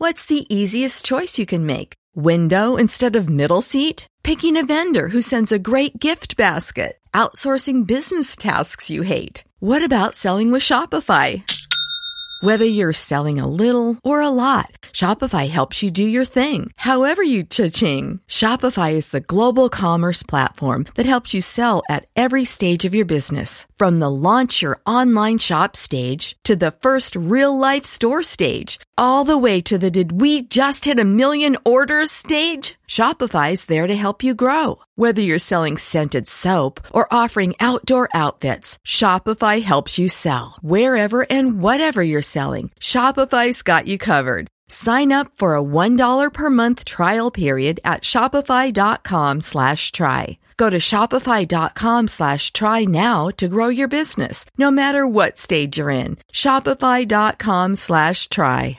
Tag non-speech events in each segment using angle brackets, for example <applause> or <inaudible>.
What's the easiest choice you can make? Window instead of middle seat? Picking a vendor who sends a great gift basket? Outsourcing business tasks you hate? What about selling with Shopify? Whether you're selling a little or a lot, Shopify helps you do your thing, however you cha-ching. Shopify is the global commerce platform that helps you sell at every stage of your business. From the launch your online shop stage to the first real life store stage all the way to the did we just hit a million orders stage? Shopify is there to help you grow. Whether you're selling scented soap or offering outdoor outfits, Shopify helps you sell. Wherever and whatever you're selling, Shopify's got you covered. Sign up for a $1 per month trial period at shopify.com slash try. Go to shopify.com slash try now to grow your business, no matter what stage you're in. Shopify.com slash try.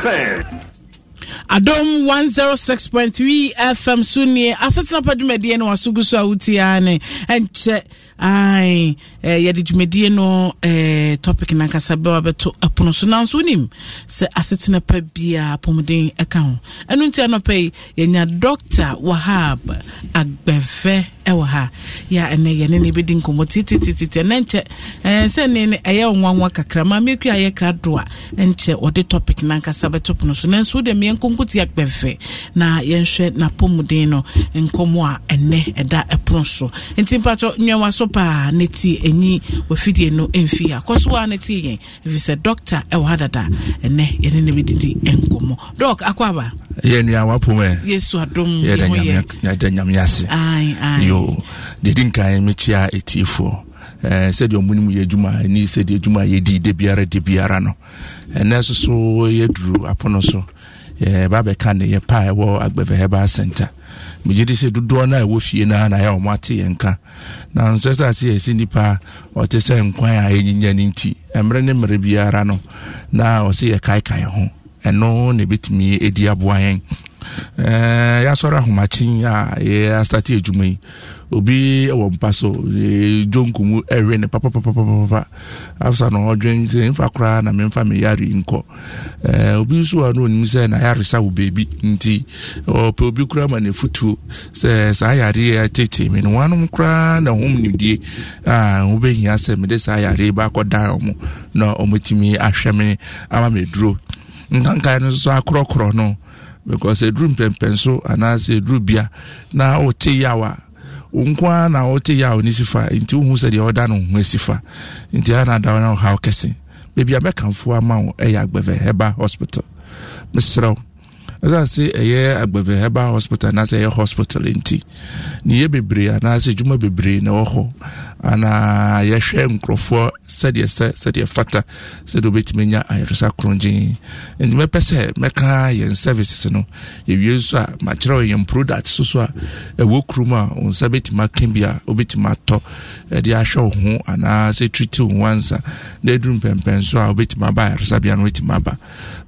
FM. adom 106.3 fm so nie asetena pa dwumadiɛ ne waso ai eh, yɛde dwumadie no eh, topic no ankasa bɛ wabɛto apono so nanso wonim sɛ asetena pa biaa apɔmuden ɛka ho ɛno nti anɔpɛ yi yɛnya dɔctor wahab agbɛfɛ ɛwɔ ha yɛ ɛnɛ yɛne ne bɛdi nkɔmmɔ tititititi ɛnɛ nkyɛ eh, sɛ ne ne ɛyɛ nwanwa kakra ma mekua yɛ kra do a ɛnkyɛ wɔde topic no ankasa bɛto pono so nanso wode meɛ nkonkote agbɛfɛ na yɛnhwɛ n'apɔmuden no nkɔmmɔ a ɛnɛ ɛda ɛpono so nti mpatɔ nnwɛwa so paa ne ti enyi wafidie no mfi akɔ so a ne ti yɛn efisɛ dɔkta ɛwɔ ha dada ɛnɛ yɛne ne bi didi nkɔmɔ dɔk akɔ aba. yɛ nua wapɔ mu yɛ. yesu adum yɛ ho yɛ yɛ dɛ nyame ase. ayi ayi yo didi nkan mi kyia etiefoɔ ɛɛ sɛdeɛ ɔmo nimu yɛ adwuma ɛni sɛdeɛ adwuma yɛ di de biara no ɛnɛ soso yɛ duru apono so yɛ ba bɛka ne yɛ paa ɛwɔ agbɛfɛ hɛba center megye di sɛ dodoɔ no a ɛwɔ fie no na ɛyɛ ɔmo ate yɛn ka na nsɛ sɛ ase yɛsi nipa ɔte sɛ nkwan a ɛnyinya no nti mmerɛ ne mmerɛ biara no na ɔse yɛkaekae ho ɛno na ɛbɛtumi ɛdi aboa yɛn Eh, yɛasɔre ahomakyen a yɛastate adwuma yi obi wɔ mpa so jonku mu ɛwe ne papa afsa no ɔdwen sɛ mfa koraa na memfa me yare nkɔ eh, obi nso a no ɔnim sɛ na yare sa wo baabi nti ɔpɛ obi koraa ma ne futuo sɛ saa yare tete me no wanom koraa na hom nimdie a wobɛhia sɛ mede saa yare baakɔda ɔmo na ɔmɔtumi ahwɛ me ama meduro nkankae no nso akorɔkorɔ no because eduru mpɛmpɛ nso anaasɛ eduru bia na ɔte yaw a nko na ɔte yaw ne si fa nti wohu sɛ deɛ ɔda no ho asi fa nti ana da na ɔhaw kɛse baabi a mfu ama wo ɛyɛ agbɛvɛ heba hospital meserɛ wo ɛsase ɛyɛ agbɛvɛ heba hospital anaasɛ ɛyɛ hospital nti ne yɛ bebree anaasɛ edwuma bebree na ɛwɔ hụ. anaa yɛhwɛ nkurɔfoɔ sɛdeɛ sɛ sɛdeɛ fata sɛdeɛ wobɛtumi nya ayaresa korongyen nti mɛpɛ sɛ mɛka yɛn services no ɛwie nso a makyerɛ wɔ yɛn product so so a ɛwɔ kurom a wo nsa bɛtumi aka bi a wobɛtumi atɔ ɛde ahwɛ wo ho anaa sɛ triti wo wansa na aduru mpɛmpɛn so a wobɛtumi aba ayaresa bia no wobɛtumi aba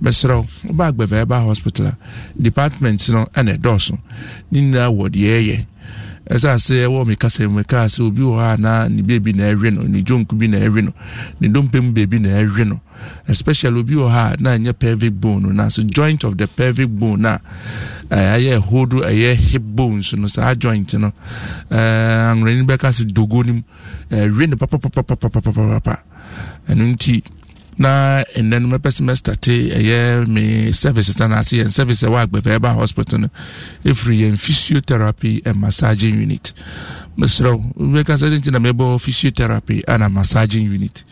mɛserɛ wo woba hospital a department no ɛna ɛdɔɔso ne nyinaa wɔ deɛ ɛyɛ ɛsɛ asɛ ɛwɔ mi kasa mu obi wɔ hɔ a na ne beebi na ɛhwɛ no ne jonku bi na ɛhwɛ no ne dompem beebi na ɛhwɛ no especially obi wɔ hɔ a na ɛnyɛ pelvic bone no joint of the pelvic bone na ɛyɛ ɛhodo ɛyɛ hip bones no saa joint no ɛɛ anwulɛni bɛka asɛ dogo nim ɛhwɛ no papapapapapapapa ɛnu nti. na ɛnɛ no mɛpɛ sɛ mɛstate ɛyɛ me services ase yɛn service ɛwɔ agbɛfɛ ɛba hospital no efiri yɛn physiotherapy and massaging unit mesrɛ wo mɛka sɛ nti na mɛbɔ physiotherapy ana massaging unit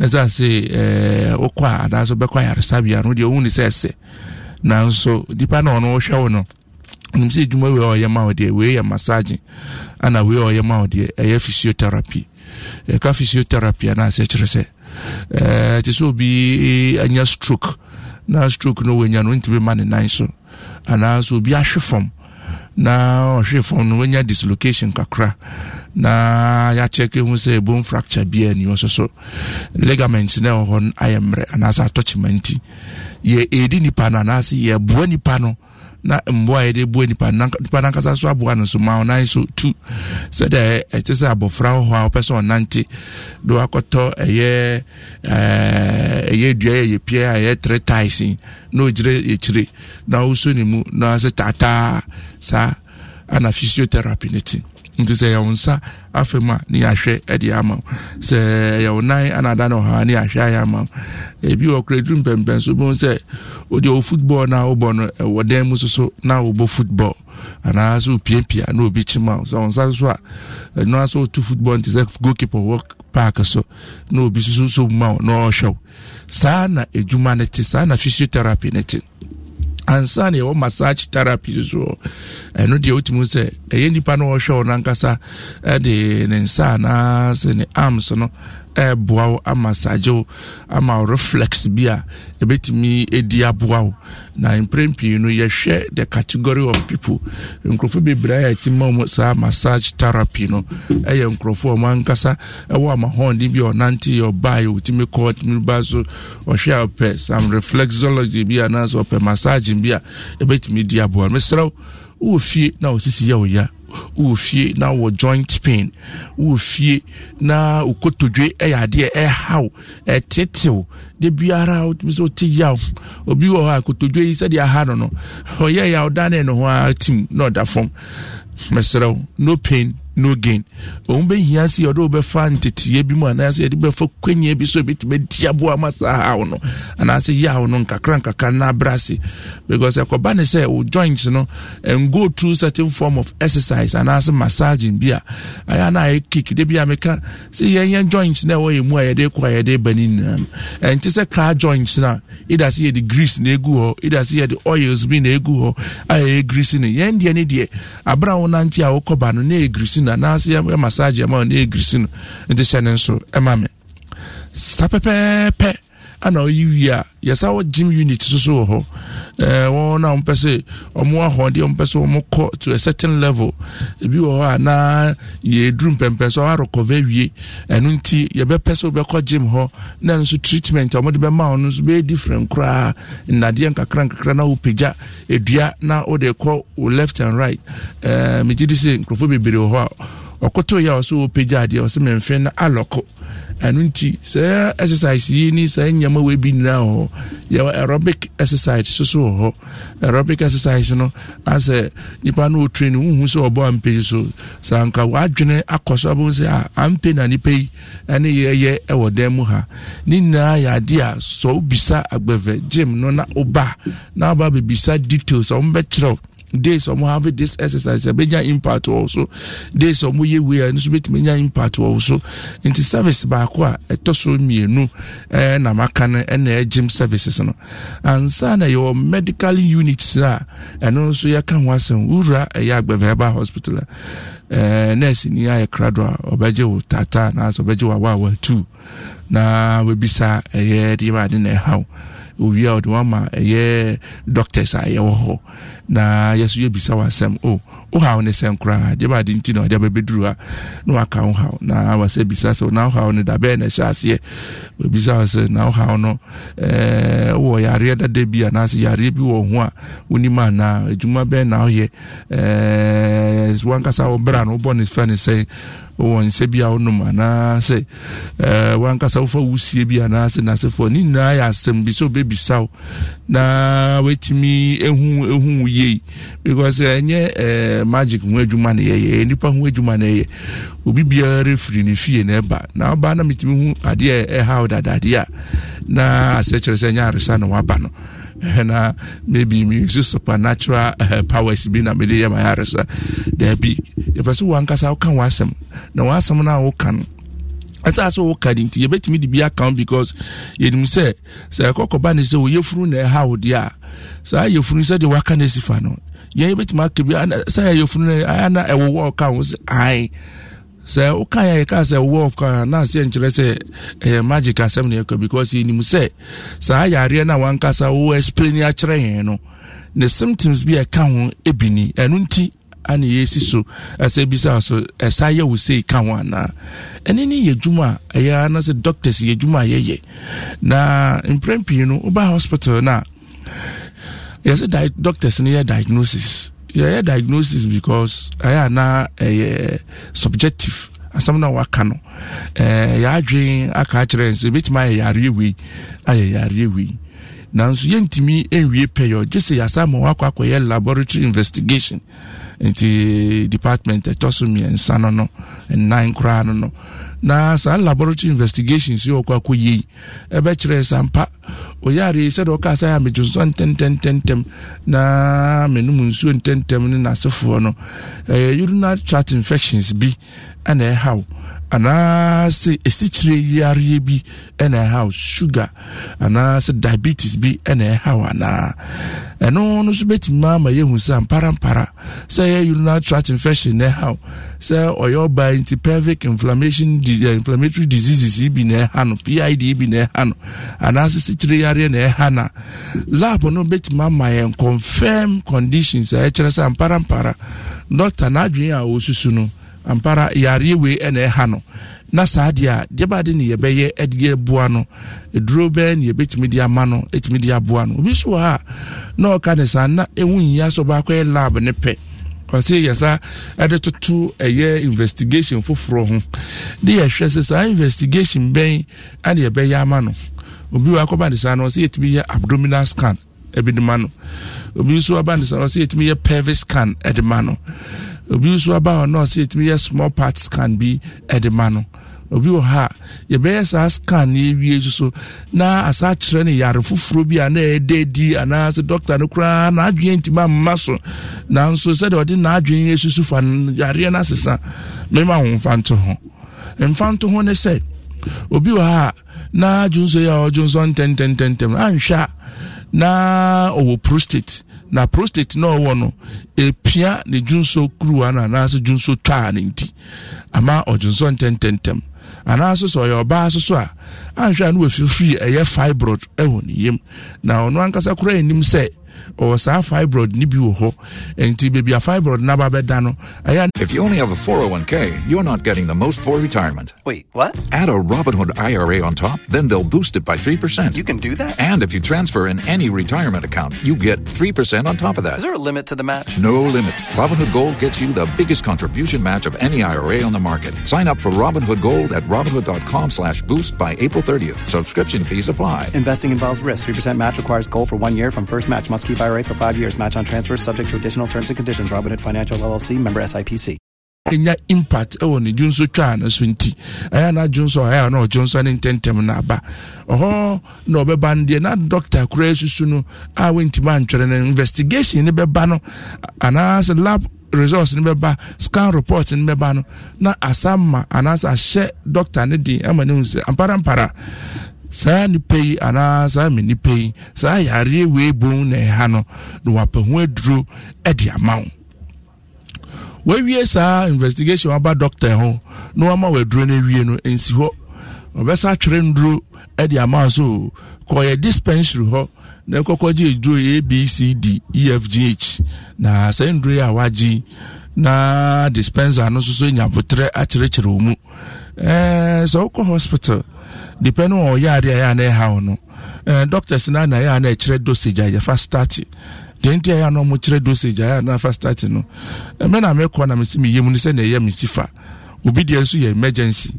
ɛsɛ ase wokɔ a anaasɛ wobɛkɔ ayaresabea no wodeɛ wohu ne sɛ ɛsɛ nanso nipa na ɔno wohwɛ wo no nim sɛ adwuma wei a ɔyɛ ma wo wee wei yɛ massaging ana wei a ɔyɛ ma wo deɛ ɛyɛ physiotherapy ɛka physiotherapy anaasɛ kyerɛ sɛ Eh, te sɛ obi eh, anya stroke na stroke no wɔanya no ntimi ma ne nan so anaasɛ obi ahwe fam na ɔhwe fam no wɔanya dislocation kakra na yɛakyɛke ho sɛ bone fracture biaa ni ɔso so ligament na ɛwɔ hɔ no ayɛ mmerɛ anaasɛ atɔkyema nti yɛ ɛdi nipa no anaasɛ yɛboa nipa no na mboa a yɛde bua nipa nipa nankasa so aboa no so ma ɔnan so tu sɛdeɛ ɛte sɛ abɔfra wɔ hɔ a wɔpɛ sɛ ɔnante do akɔtɔ ɛyɛ ɛɛ ɛyɛ dua yɛ yɛpie a ɛyɛ tere taese na ogyere yɛkyire na ɔso ne mu na ɔsɛ taataa saa ana physiotherapy ne ti nti sɛ ɛyɛ nsa afei mu a ne yɛahwɛ ɛde ama wo sɛ ɛyɛ wo nan anada no ɔhaa ne yɛahwɛ ayɛ ama wo ebi wɔ kora duru mpɛmpɛn so bohu sɛ wode wo football no a wobɔ no ɛwɔ dan mu soso na wobɔ football anaa sɛ wopiapia na obi kyima wo sɛ wo nsa so a ɛno a sɛ wotu football nti sɛ goalkeeper wɔ park so na obi soso so ma wo na ɔrehwɛ wo saa na adwuma no te saa na physiotherapy no te ansa na yɛwɔ massage therapy soɔ ɛno deɛ wotumi sɛ ɛyɛ nipa no wɔhwɛ wo no ankasa de ne nsa anaasɛ ne arms no ɛɛboa wo ama sagye ama reflex bi a ɛbɛtumi ɛdi aboa wo na mprɛn pii no yɛhwɛ the category of people nkurɔfoɔ bebree a yɛte ma mu saa massage therapy no ɛyɛ nkurɔfoɔ ɔmo ankasa ɛwɔ amahɔnden bi ɔnante ɔbae ɔtumi kɔ ɔtumi ba so ɔhwɛ a ɔpɛ some reflexology bi anaasɛ ɔpɛ massage bi a ɛbɛtumi di aboa no mesrɛ wo wowɔ fie na ɔsisi yɛ wo wowɔ fie na wɔ joint pain wowɔ fie na okotodwe ɛyɛ adeɛ ɛhaw ɛtetew de biara wotumi sɛ wote yaw obi wɔ hɔ a kotodwe yi sɛdeɛ aha no no ɔyɛ yaw dane no ho a tim na ɔda fam mesrɛ no pain no gain òun bɛhia sɛ yɛde wobɛfa nteteeɛ bi mu anaasɛ yɛde bɛfa kwanyiɛ bi so ɛbɛtumi adi aboa ma saa haw no anaasɛ yɛ haw no nkakra nkakra no abrɛ ase because ɛkɔba ne sɛ wo joint no and go through certain form of exercise anaasɛ massaging bi a ayɛ na ayɛ kick de bi a meka sɛ yɛnyɛ joint no ɛwɔ yɛ mu a yɛde kɔ a yɛde ba no nyinaa ɛnte sɛ car joint no a ɛda sɛ yɛde grease na ɛgu hɔ ɛda sɛ yɛde oils bi na ɛgu hɔ a yɛyɛ grease no yɛn deɛ ne deɛ aberɛ a wonante a wokɔba no na ɛyɛ grease no no anaasɛ yɛ massage ama no na ɛgirisi no nti hyɛ ne nso ɛma me sa pɛpɛɛpɛ ana ɔyi wie a yɛsa wɔ gym unit soso wɔ hɔ ɛɛ eh, wɔn a wɔn pɛ sɛ wɔn ahɔndeɛ wɔn pɛ sɛ wɔn kɔ to a certain level ebi wɔ hɔ a na yɛduru mpɛmpɛn so arɔkɔvɛ wie ɛno nti yɛbɛpɛ sɛ wɔbɛkɔ gym hɔ na nso treatment a wɔde ma wɔn nso bɛyɛ different koraa nnadeɛ nkakra nkakra na wɔpagya edua na wɔde kɔ wɔ left and right ɛɛ eh, megye di sɛ nkurɔfoɔ bebree wɔ hɔ a ɔkoto yɛ a ɔsɛ wɔpagya adeɛ ɔsɛ ɛno nti saa exercise yi ne saa nnyɛma wɔ bi nyinaa wɔ hɔ yɛwɔ aerobic exercise soso wɔ hɔ aerobic exercise no asɛ nipa no ɔtrain wohu sɛ ɔbɔ ampe yi so saa nka wadwene akɔ so abɛhu sɛ ah, ampe na nipa yi ɛne yɛyɛ ɛwɔ dan mu ha ne nyinaa yɛ ade a sɛ wobisa agbɛvɛ gym no na woba na woba bɛbisa details a kyerɛw. days ɔmo have this exercise ɛbɛnya impact wɔ so days ɔmo yɛ wei a ɛno nso bɛtumi nya impact wɔ so nti service baako a ɛtɔ so mmienu ɛɛ na maka no ɛna ɛyɛ gym services no ansa na yɛwɔ medical units a ɛno nso yɛka ho asɛm wura ɛyɛ agbɛvɛɛba hospital a nurse ni ayɛ krado a ɔbɛgye wo tata anaasɛ ɔbɛgye wo awa awa tu na wabisa ɛyɛ deɛ baade na ɛhaw owie a ɔde wɔn ama ɛyɛ doctors a yɛwɔ hɔ na yɛso yɛbisa wɔ asɛm o wo haw ne sɛn koraa deɛ baade nti na ɔde abɛbɛduru ha na waka wo haw na wasɛ bisa sɛ na wo haw no da na ɛhyɛ aseɛ wɔbisa wɔ sɛ na wo haw no wowɔ yareɛ dada bi anaasɛ yareɛ bi wɔ ho a wonim anaa adwuma bɛɛ na woyɛ wankasa wo berɛ no wobɔ ne fa ne sɛn wɔ nsɛ bi a wonom anaasɛ wankasa wofa wusie bi anaasɛ nasefoɔ ne nyinaa yɛ asɛm bi sɛ wobɛbisa wo na woatumi ɛhu ɛhu yie because ɛnyɛ eh, ɛɛ eh, magic ho adwuma na yɛyɛ ɛyɛ eh, nipa ho adwuma na yɛyɛ obi biara firi ne fie na ɛba na ɔbaa na mitumi ho adeɛ ɛha ɔdada adeɛ a na asɛ kyerɛ sɛ ɛnyɛ aresa na waba no na maybe me use supernatural uh, powers bi na mede yɛ ma yɛ aresa daabi yɛpɛ sɛ wankasa woka w'asɛm na w'asɛm no a woka no ɛsɛ sɛ woka de nti yɛbɛtumi de bi account because yɛnim sɛ sɛ ɛkɔkɔba ne sɛ wɔyɛ funu na ɛha wo deɛ a saa yɛ funu sɛdeɛ waka no asi no yɛn yɛbɛtumi aka bi sɛ yɛyɛ no ana ɛwowɔ ɔka ho sɛ ae sɛ woka yɛ yɛka sɛ ɛwowɔ ɔka na sɛ nkyerɛ sɛ ɛyɛ magic asɛm na yɛka because yɛnim sɛ saa yareɛ no a wankasa wo explain akyerɛ yɛn no ne symptoms bi a ɛka ho bi ɛno nti ana yɛsi so ɛsɛ bisa so ɛsa yɛ wo sei ka ho anaa ɛne ne yɛ adwuma ɛyɛ ana doctors yɛ adwuma yɛyɛ na mprɛn pii no woba hospital na, a yɛsɛ doctors no yɛ diagnosis yɛyɛ diagnosis because ɛyɛ ana ɛyɛ subjective asɛm no a waka no yɛadwen aka akyerɛ nso ɛbɛtumi ayɛ yareɛ wei ayɛ yareɛ wei nanso yɛntumi nwie pɛyɛ gye sɛ yɛasa ma wakɔ akɔyɛ laboratory investigation nti department ɛtɔ so mmiɛnsa no no nnan koraa no no na saa laboratory investigations yi ɔkɔ akɔ yie ɛbɛkyerɛ sampa ɔyare sɛdeɛ ɔka sɛ a medwo nsɔ ntɛntɛntɛntɛm na menom nsuo ntɛntɛm ne n'asefoɔ no ɛyɛ urinary tract infections bi ɛna ɛhaw anaasɛ ɛsikyire yareɛ bi ɛna ɛhaw suga anaasị diabetes bi ɛna ɛhaw anaa ɛno no nso bɛtumi ama yɛhu sɛ amparampara sɛ ɛyɛ urinary tract infection na ɛhaw sɛ ɔyɛ ɔbaa nti pelvic inflammation di eh, inflammatory diseases yi bi na ɛha no pid yi bi na ɛha no anaasɛ sikyire yareɛ na ɛha na lab no bɛtumi ama yɛn confirm conditions a ɛkyerɛ sɛ amparampara doctor n'adwene a ɔsusu no ampara yareɛ wei ɛna ɛha no na saa deɛ a deɛ baade ne yɛbɛyɛ ɛde aboa no eduro bɛɛ ne yɛbɛtumi de ama no ɛtumi de aboa no obi so wɔ ha na ɔka ne saa na ehu nyia so baako yɛ lab ne pɛ ɔsi yɛsa ɛde toto ɛyɛ investigation foforɔ ho de yɛhwɛ sɛ saa investigation bɛn ɛna yɛbɛyɛ ama no obi wɔ akɔba ne saa na ɔsi yɛtumi yɛ abdominal scan ɛbi de ma no obi nso aba ne saa na ɔsi yɛtumi yɛ pelvic scan ɛde ma no obi nso aba hɔ na ɔsɛ yɛtumi yɛ small part scan bi ɛde ma no obi wɔ ha yɛbɛyɛ saa scan no yɛwie nso so na asa akyerɛ no yare foforɔ bi a na ɛda adi anaasɛ dɔkta no koraa n'adwene ntimi amma so nanso sɛdeɛ ɔde n'adwene asusu fa no yareɛ no asesa mema wo mfa nto ho mfa nto ho ne sɛ obi wɔ ha na adwo nso yɛ a ɔdwo nso ntɛntɛntɛntɛm anhwɛ a na ɔwɔ prostate na prostate na ɔwɔ no epia ne junso kuruwa na anaasɛ junso twaa ne nti ama ɔdwonso ntɛntɛntɛm anaasɛ sɛ ɔyɛ ɔbaa soso a anhwɛ a ne wafifiri ɛyɛ fibroid ɛwɔ ne yam na ɔno ankasa koraa anim sɛ or saa fibroid ni bi wɔ hɔ nti baabi a fibroid naba bɛda no ɛyɛ. if you only have a 401k you're not getting the most for retirement. wait what. add a robinhood ira on top then they'll boost it by 3%. you can do that. and if you transfer in any retirement account you get 3% on top of that. is there a limit to the match. no limit. robinhood gold gets you the biggest contribution match of any ira on the market. sign up for robinhood gold at robinhood.com slash boost by april 30th. subscription fees apply. investing involves risk. 3% match requires gold for one year from first match must Guaranteed by rate for five years. Match on transfers subject to additional terms and conditions. Robinhood Financial LLC. Member SIPC. Kenya impact ɛwɔ ne dwonso twaa no so nti ɛyɛ na dwonso ɔyɛ na ɔdwonso ne ntɛntɛm no aba ɔhɔ na ɔbɛba no deɛ na doctor koraa susu no a wɔntimi antwerɛ no investigation ne bɛba no anaasɛ lab results ne bɛba scan report ne bɛba no na asa ma anaasɛ ahyɛ dɔkta ne den ama ne hu sɛ amparampara saa nipa yi anaa saa mi nipa yi saa yareɛ wei bon na ɛha no na wapɛ ho aduro de ama wo wawie saa investigation aba doctor ho na wama waduro no awie no nsi hɔ ɔbɛsa twerɛ nduro de ama so kɔyɛ dispensary hɔ na nkɔkɔ gye aduro abcd efgh na saa nduro yi a wagye na dispenser no nso so nya botrɛ akyerɛkyerɛ mu ɛɛ sɛ wokɔ hospital depending on ɔyɛ adeɛ ɛyɛ ana ɛha wo no ɛɛ eh, doctors na na ɛyɛ ana ɛkyerɛ dosage a yɛfa start deɛ nti ɛyɛ ana ɔmo dosage a ɛyɛ ana afa start no ɛmɛ eh, na mɛkɔ na mesi mi mu no sɛ na ɛyɛ mi si fa obi deɛ nso yɛ emergency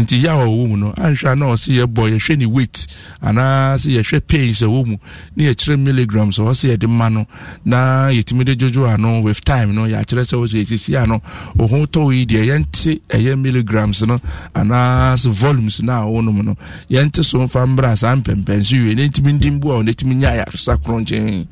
nti yà wọ wọ mu no ahwẹ anaa ọsẹ yẹ bọ yẹhwẹ ne weight anaa sẹ yẹhwẹ pains ẹwọ mu ne yẹkyerẹ milligrams ọsẹ yẹde ma no na yẹtumi de dzodzo ano with time no yàkyerẹ sẹ ọsẹ yẹsisi ano ọhún tọwọ yi deɛ yɛn ti ɛyɛ milligrams no anaa sɛ volumes na a wɔnom no yɛn ti so nfa mbra saa mpɛmpɛnso yie ne ntumi ndi mbu a ɔne tumi nya ayaresa korɔnkyɛn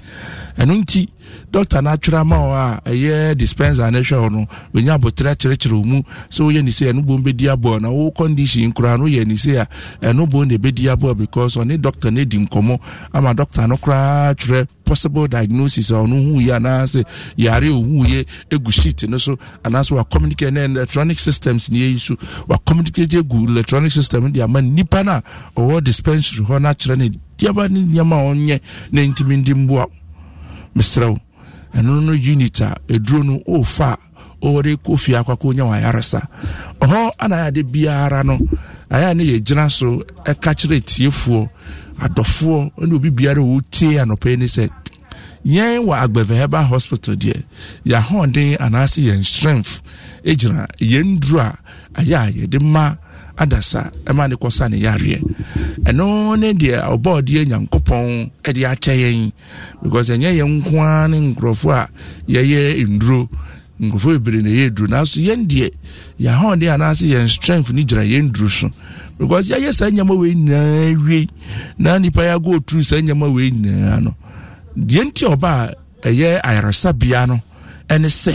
ɛno nti doctor n'atwerɛ ama wɔ a ɛyɛ dispenser ne hwɛ hɔ no onya abotire kyerɛkyerɛ mu sɛ woyɛ ne sɛ ɛno bom bɛdi aboɔ na wo condition koraa no yɛ ne sɛ a ɛno bom ne bɛdi aboɔ because ɔne doctor no di nkɔmmɔ ama doctor no koraa twerɛ possible diagnosis a ɔno huuye anaasɛ yare ohuuye egu sheet no so anaasɛ wacommunicate ne electronic systems ne yɛyi so wacommunicate egu electronic system de ama nnipa no a ɔwɔ dispensary hɔ no akyerɛ ne deaba ne nneɛma a ɔnyɛ na ntumi ndi mboa mesrɛ wo ɛno no unit a ɛduro no ɔfa a ɔwɔde kɔ fie akwakɔ nya wɔ ayaresa ɔhɔ anayade biara no ayɛ ne yɛgyina so ɛka kyerɛ tiefoɔ adɔfoɔ ne obi biara wɔtie anɔpɛ ni sɛ yɛn wɔ agbɛvɛhɛba hospital deɛ yɛahɔden anaasɛ yɛn strength gyina yɛn duro a ɛyɛ a yɛde ma adasa ɛma ne kɔsa ne yareɛ ɛno ne deɛ ɔbɔɔdeɛ nyankopɔn de akyɛ yɛn because ɛnyɛ yɛn nko ara ne nkurɔfoɔ a yɛyɛ nduro nkurɔfoɔ bebree na yɛ duro nanso yɛn deɛ yɛahɔnde anaasɛ yɛn strength no gyina yɛn duro so because yɛayɛ saa nneɛma wei nyinaa wie na nnipa yɛ agɔ oturu saa nneɛma wei nyinaa no deɛ nti ɔba a ɛyɛ ayaresabea no ɛne sɛ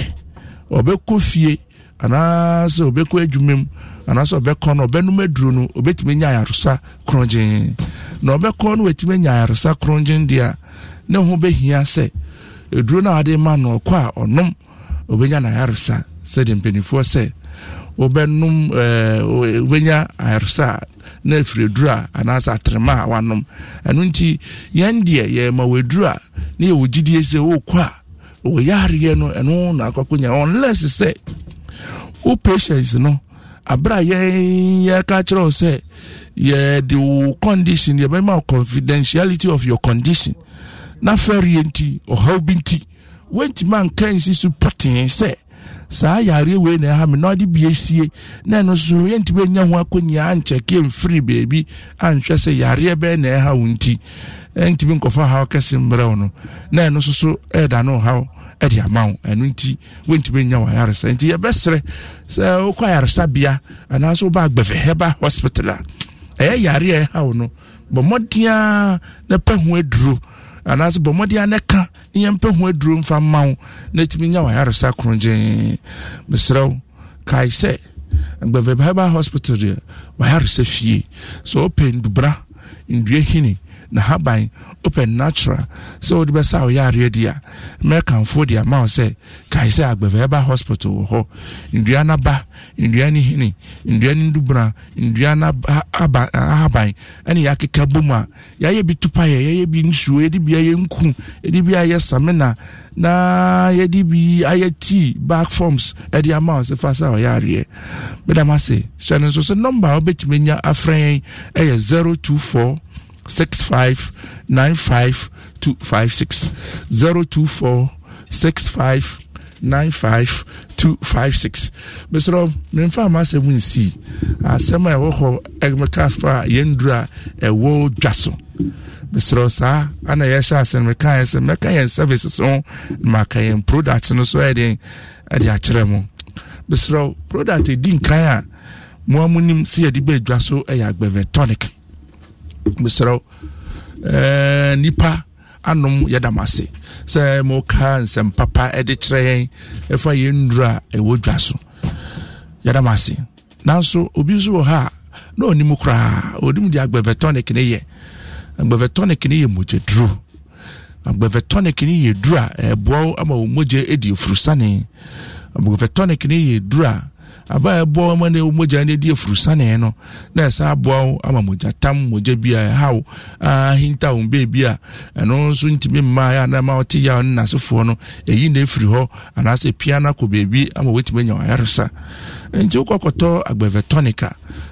ɔbɛkɔ fie anaasɛ ɔbɛkɔ adwuma mu anaasɛ ɔbɛkɔ no ɔbɛnum aduro no ɔbɛtumi nya ayaresa korɔgyen na ɔbɛkɔ no wɔatumi nya ayaresa korɔgyen deɛ ne ho bɛhia sɛ aduro no a wɔde ma no ɔkɔ a ɔnom ɔbɛnya no ayaresa sɛdeɛ mpanimfoɔ sɛ wobɛnom eh, wobɛnya ayaresa na afiri aduro a anaasɛ atrema a wanom ɛno nti yɛn deɛ yɛma wɔ aduro a ne yɛwɔ gyidie sɛ wokɔ a wɔyareɛ no ɛno na akɔkɔ nya unless sɛ wo patience no abira yɛn yɛka kyerɛ wo sɛ yɛde wo condition yɛbɛma confidentiality of your condition na fɛreɛ nti ɔhaw bi nti wɛntumi anka nsi so patee sɛ saa yareɛ wei na ɛha me na ɔde bie sie na ɛno so yɛntumi anya ho akɔnyia ankyɛke mfiri baabi anhwɛ sɛ yareɛ bɛɛ na ɛha wo nti ɛntumi nkɔfa ha kɛse mmerɛ wo no na ɛno so so ɛɛda no haw ɛde ama wo ɛno nti wontumi nya wɔayaresa nti yɛbɛserɛ sɛ wokɔ ayaresabea anaasɛ woba agbɛfɛhɛba hospital a ɛyɛ yare a ɛhaw no bɔmmɔdea na pɛ ho aduro anaasɛ bɔmmɔdea na ka ne yɛmpɛ ho aduro mfa ma wo na tumi nya wɔayaresa korogyee meserɛ wo kae sɛ agbɛfɛhɛba hospital deɛ wɔayaresa fie sɛ wopɛ ndubra ndua hini na haban open natural sɛ wode bɛsa ya areɛ di a mɛkamfoɔ de ama wo sɛ kae sɛ agbɛfa ɛba e hospital wɔ hɔ ndua no ba ndua no hini ndua no ndubra ndua no ahaban ɛne yɛakeka a yɛayɛ bi topayɛ yɛyɛ bi nsuo yɛde bi ayɛ nku yɛde bi ayɛ samina na yɛde bi ayɛ tea back forms ɛde ama wo sɛ fa sɛ ɔyɛ areɛ nso sɛ nɔmba a wobɛtumi six five nine five two five six zero two four six five nine five two five six mesoro memfa ma asɛm nsi asɛm a ɛwɔ hɔ ɛmeka fa yɛn dura ɛwɔ dwa so mesoro saa ana yɛhyɛ asɛm meka yɛn sɛ mɛka yɛn services ho na maka yɛn product no so ɛde ɛde akyerɛ mo mesoro product edi nkan a mo a nim si yɛde bɛ dwa so ɛyɛ agbɛvɛ tonic. mesrɛ eh, nipa anom yɛda m sɛ moka nsɛm papa de kyerɛ yɛn ɛfa yɛn nnuro a ɛwɔ dwa so yɛda m nanso obi nso wɔ ha a na ɔnim koraa ɔnim deɛ agbɛvɛtonic ne yɛ agbɛvɛtonic ne yɛ mogyaduro ne yɛ duro a ɛboa ama wo mogya ɛdi afurusane agbɛvɛtonic ne yɛ duro a aba ɛboa ma na mogya no adi afurusane no na ɛsɛ aboa wo ama mogya tam mogya bi a ɛhaw ahinta wo beebi a ɛno nso ntumi mma yɛ anaa ma ɔte yɛ no nasefoɔ no Eyi na efiri hɔ anaasɛ pia na akɔ beebi ama wɔatumi anya ayaresa nti wokɔ kɔtɔ agbɛvɛtɔnica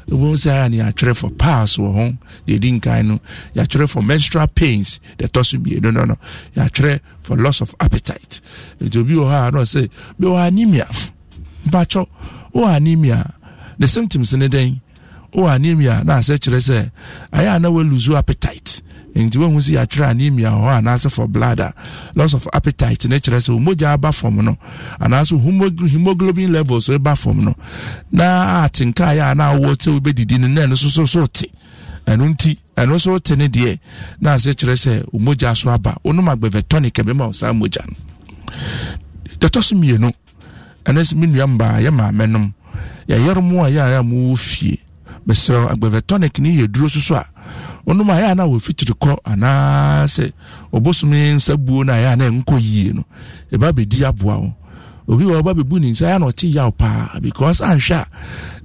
wobɛhu sɛ ayɛ ne yɛatwerɛ for pass wɔ ho deɛ ɛdi nkan no yɛatwerɛ for menstrual pains deɛ ɛtɔ so bie no no no yɛatwerɛ for loss of appetite nti obi wɔ hɔ a na ɔsɛ bɛwɔ anemia mpakyɛw wowɔ anemia ne symptoms ne dɛn wowɔ anemia na asɛ kyerɛ sɛ ayɛ a na woaluso appetite nti woahu sɛ yɛatwerɛ anemia hɔ anaasɛ for blood a loss of appetite ne kyerɛ sɛ omogya aba fam no anaasɛ hemoglobin levels ba fam no na atenka ayɛ a na wowɔ sɛ wobɛdidi no na ɛno so so so te ɛno nti ɛno nso te ne deɛ na asɛ kyerɛ sɛ omogya so aba wonom agbɛvɛ tonic ɛbɛma wo saa mogya no dɛtɔ so mmienu ɛno nso me nua mbaa yɛ maame nom yɛyɛre mu a yɛa mu wɔ fie mesrɛ agbɛvɛtonic ne yɛ duro soso a ɔnom ayɛ a na fitiri kɔ anaasɛ ɔbosom nsa buo no ayɛ a na ɛnkɔ yie no ɛba bɛdi aboa wo obi wɔ ɔba bɛbu ne nsa ayɛ na ɔte yaw paa because anhwɛ a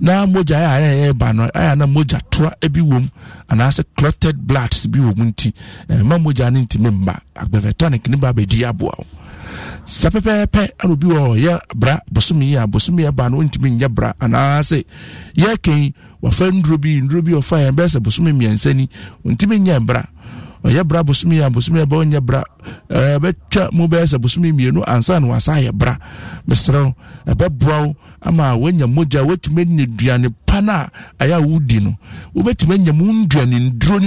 na mogya ayɛ a ɛba no ayɛ na mogya toa bi wɔ mu anaasɛ clotted blood bi wɔ mu nti ɛma mogya no ntimi mba agbɛvɛtonic ne ba bɛdi aboa wo sɛ pɛpɛɛpɛ ana obi wɔ yɛ bra bosome yi a bosome yɛ ba no ɔntumi nyɛ bra anaasɛ yɛkɛn wafa nduro bi nduro bi ɔfa yɛn bɛyɛ sɛ bosome mmiɛnsa ni ɔntumi nyɛ bra ɔyɛ bra bosome yɛ a bosome yɛ ba ɔnyɛ bra ɛɛ bɛtwa mu bɛyɛ sɛ bosome mmienu ansa na wasa yɛ bra mesrɛw ɛbɛboa wo ama wɔanya mogya wɔatumi anya aduane pa no a ɛyɛ a wodi no wobɛtumi anya mu nduane nduro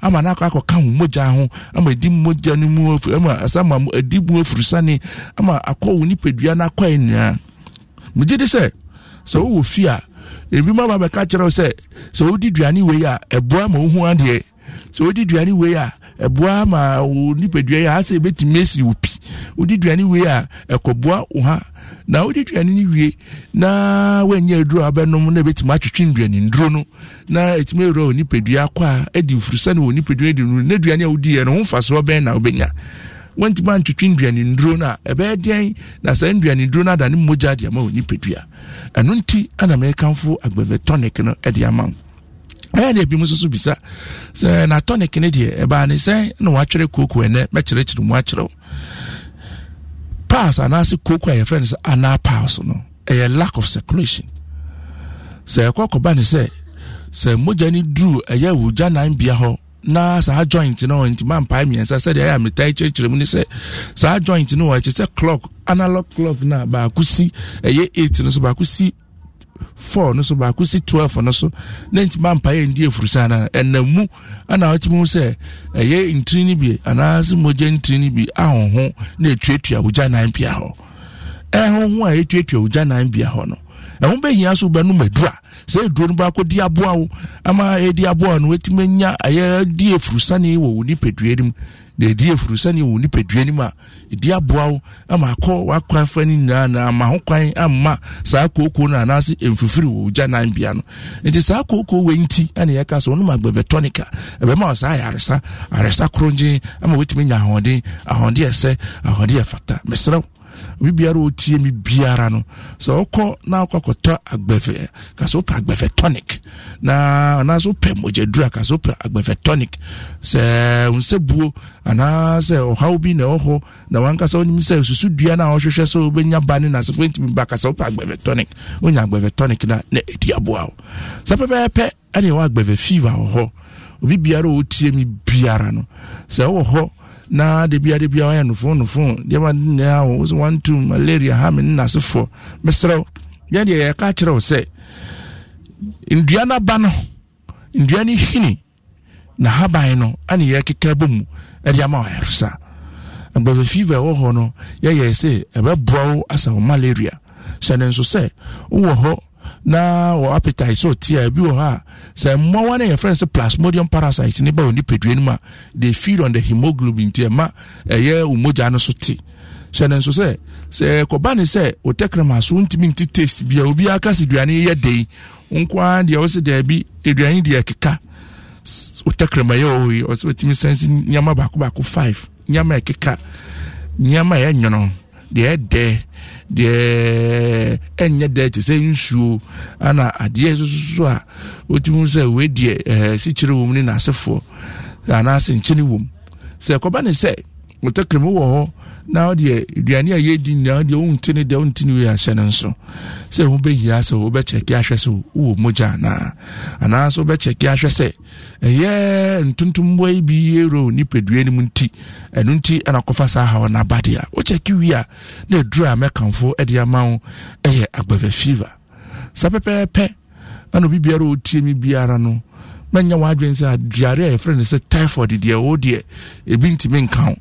ama n'akọ akọka mmogya ho ama di mmogya no mu afiri ama asa ama edi mu afiri sani ama akɔ wo nipadua n'akɔ yɛ nyinaa megye di sɛ sɛ wowɔ fi a ebi mu aba bɛka kyerɛw sɛ sɛ wodi duane wei a ɛboa ma wohu adeɛ so wodi duane wei a ɛboa ma wo nipadua yi a asɛ ɛbɛtumi asi wo pi wodi duane wei a ɛkɔboa wo ha na wode aduane no wie na woanya aduro a wobɛnom na ɛbɛtumi atwetwe nduane no na ɛtumi awura wɔ nipadua akɔ a ɛdi mfiri sɛne wɔ nipadua di no na aduane a wodiiɛ no ho mfasoɔ bɛn na wobɛnya wantumi antwetwe nduane nduro no a ɛbɛyɛ deɛn na saa nduane nduro no ada ne mogya de ama wɔ nipadua ɛno nti ana merekamfo agbɛvɛ tonic no de ama wo ɛyɛ na ebi mu nso bisa sɛ n'atɔnik ne deɛ ɛbaa ne sɛn na wɔatwerɛ kooko ɛnɛ mɛkyerɛkyerɛ mu akyerɛw pass anaasɛ kooko a yɛfrɛ no sɛ anaa pass no ɛyɛ lack of circulation sɛ ɛkɔ kɔba ne sɛ sɛ mogya ne duru ɛyɛ wogya nan bia hɔ na saa joint no wɔ ntima mpae mmiɛnsa sɛdeɛ ɛyɛ ametae kyerɛkyerɛ mu ne sɛ saa joint no wɔ akyi sɛ clock analog clock no a baako si ɛyɛ eight no so baako si four no so baako si twelve no so na ntoma mpaeɛ ndi efuru saa na ɛnam mu ɛna ɔtumi ho sɛ ɛyɛ ntiri ni bi anaasɛ mogya ntiri ni bi ahoho na etuatua ogya nan bia hɔ ɛhoho a etuatua ogya nan bia hɔ no ɛho bɛhia so bɛnum adura sɛ eduro no baako di aboa ama edi aboa no etumi nya ɛyɛ di efuru sani wɔ wo nipadua no deɛ ɛdi afuru sɛneɛ wɔ nipadua no mu a ɛdi aboa wo ama akɔ wakwan fa no nyinaa na ama ho kwan amma saa kookoo na anaase mfifiri wɔ ogya nan bia no nti saa kookoo wei nti ɛne yɛka so ɔnom agbɛvɛtɔnica ɛbɛma wɔ saa ayaresa aresa korongye ama wɔtumi nya ahoɔden ahoɔden ɛsɛ ahoɔden ɛfata meserɛ obi biara otie mi biara no sɛ ɔkɔ na ɔkɔ akɔtɔ agbɛfɛ kasɛ wopɛ agbɛfɛ tonic na anaasɛ wopɛ mogyadura kasɛ wopɛ agbɛfɛ tonic sɛ nsɛ buo anaasɛ ɔhaw bi na ɛwɔ na wankasa wonim sɛ susu dua na a ɔhwehwɛ sɛ wobɛnya ba ne nasefo ntimi ba kasɛ wopɛ agbɛfɛ tonic wonya agbɛfɛ tonic na na ɛdi aboa wo sɛ pɛpɛɛpɛ ɛne ɛwɔ agbɛfɛ fever wɔ hɔ obi biara a ɔtie mi biara no sɛ ɛwɔ hɔ na debia debia wayɛ nofo nofo deɛma nyinaa wo sɛ wantum malaria ha me nna asefoɔ meserɛ wo yɛdeɛ yɛka kyerɛ wo sɛ ndua no aba no ndua no hini na haban no ane yɛkeka bɔ mu ɛde ama wo ayɛro saa agbɛfɛ fever ɛwɔ hɔ no yɛyɛ sɛ ɛbɛboa wo asa wo malaria hyɛ ne nso sɛ wowɔ hɔ na wɔ appetite so tia ebi wɔ ha sɛ mmoawa no yɛfrɛ sɛ plasmodium parasite ne ba wɔ nipadua no mu a they feed on the hemoglobin nti ɛma ɛyɛ wo mogya no so te hyɛ ne nso sɛ sɛ kɔba ne sɛ wotɛkrɛma so wontumi nti taste bia obiaa ka sɛ aduane yɛ dei nkoa deɛ wo sɛ daabi aduane deɛ ɛkeka wotɛkrɛma yɛ wɔ hɔ yi ɔsɛ wɔtumi sɛnse nneɛma baako baako 5 nneɛma ɛkeka nneɛma ɛyɛ nwono deɛ ɛdɛɛ deɛ ɛnyɛ dɛ te sɛ nsuo ana adeɛ sososo a wɔtumi sɛ wei deɛ ɛɛ sikyere wɔ mu ne n'asefoɔ anaasɛ nkyene wɔ mu sɛ ɛkɔba ne sɛ wɔtakiri mu wɔ hɔ na ɔdeɛ aduane a yɛdi nyinaa ɔdeɛ wonti ne deɛ wonti ne wei ahyɛ no nso sɛ ho bɛhia sɛ wobɛkyɛke ahwɛ sɛ wowɔ mogya anaa anaa so wobɛkyɛke ahwɛ sɛ ɛyɛ ntontomboa yi e bi yɛro nipadua no mu nti ɛno nti ɛna kɔfa saa haw no abade a wokyɛke wie a na ɛduru a mɛkamfo ɛde ama wo ɛyɛ e agbava fever saa pɛpɛɛpɛ ɛna obi biara ɔtie me biara no mɛnyɛ w'adwene sɛ aduare a yɛfrɛ no sɛ typhoid deɛ wo deɛ ebi ntimi nka wo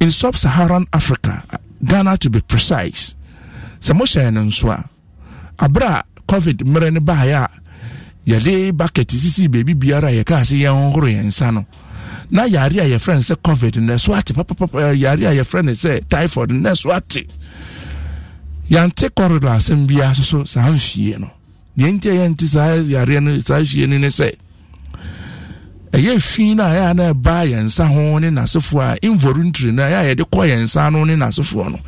in sub-saharan africa ghana to be precise sɛ mohyɛɛ no nso a aberɛ a covid mmerɛ no baeɛ a yɛde bucket sisi baabi biara a yɛkaa sɛ yɛnhoro yɛn nsa no na yare a yɛfrɛ no sɛ covid na ɛso ate papapapa eh, yare a yɛfrɛ no sɛ typhoid na ɛso ate yɛnte corridor asɛm biara so so saa mfie no deɛ nti a yɛnte saa yareɛ no saa hwie no ne sɛ ɛyɛ fi no a ɛyɛ na ɛba yɛn nsa ho ne n'asefoɔ a involuntary no a ɛyɛ a yɛde kɔ yɛn nsa no ne n'asefoɔ no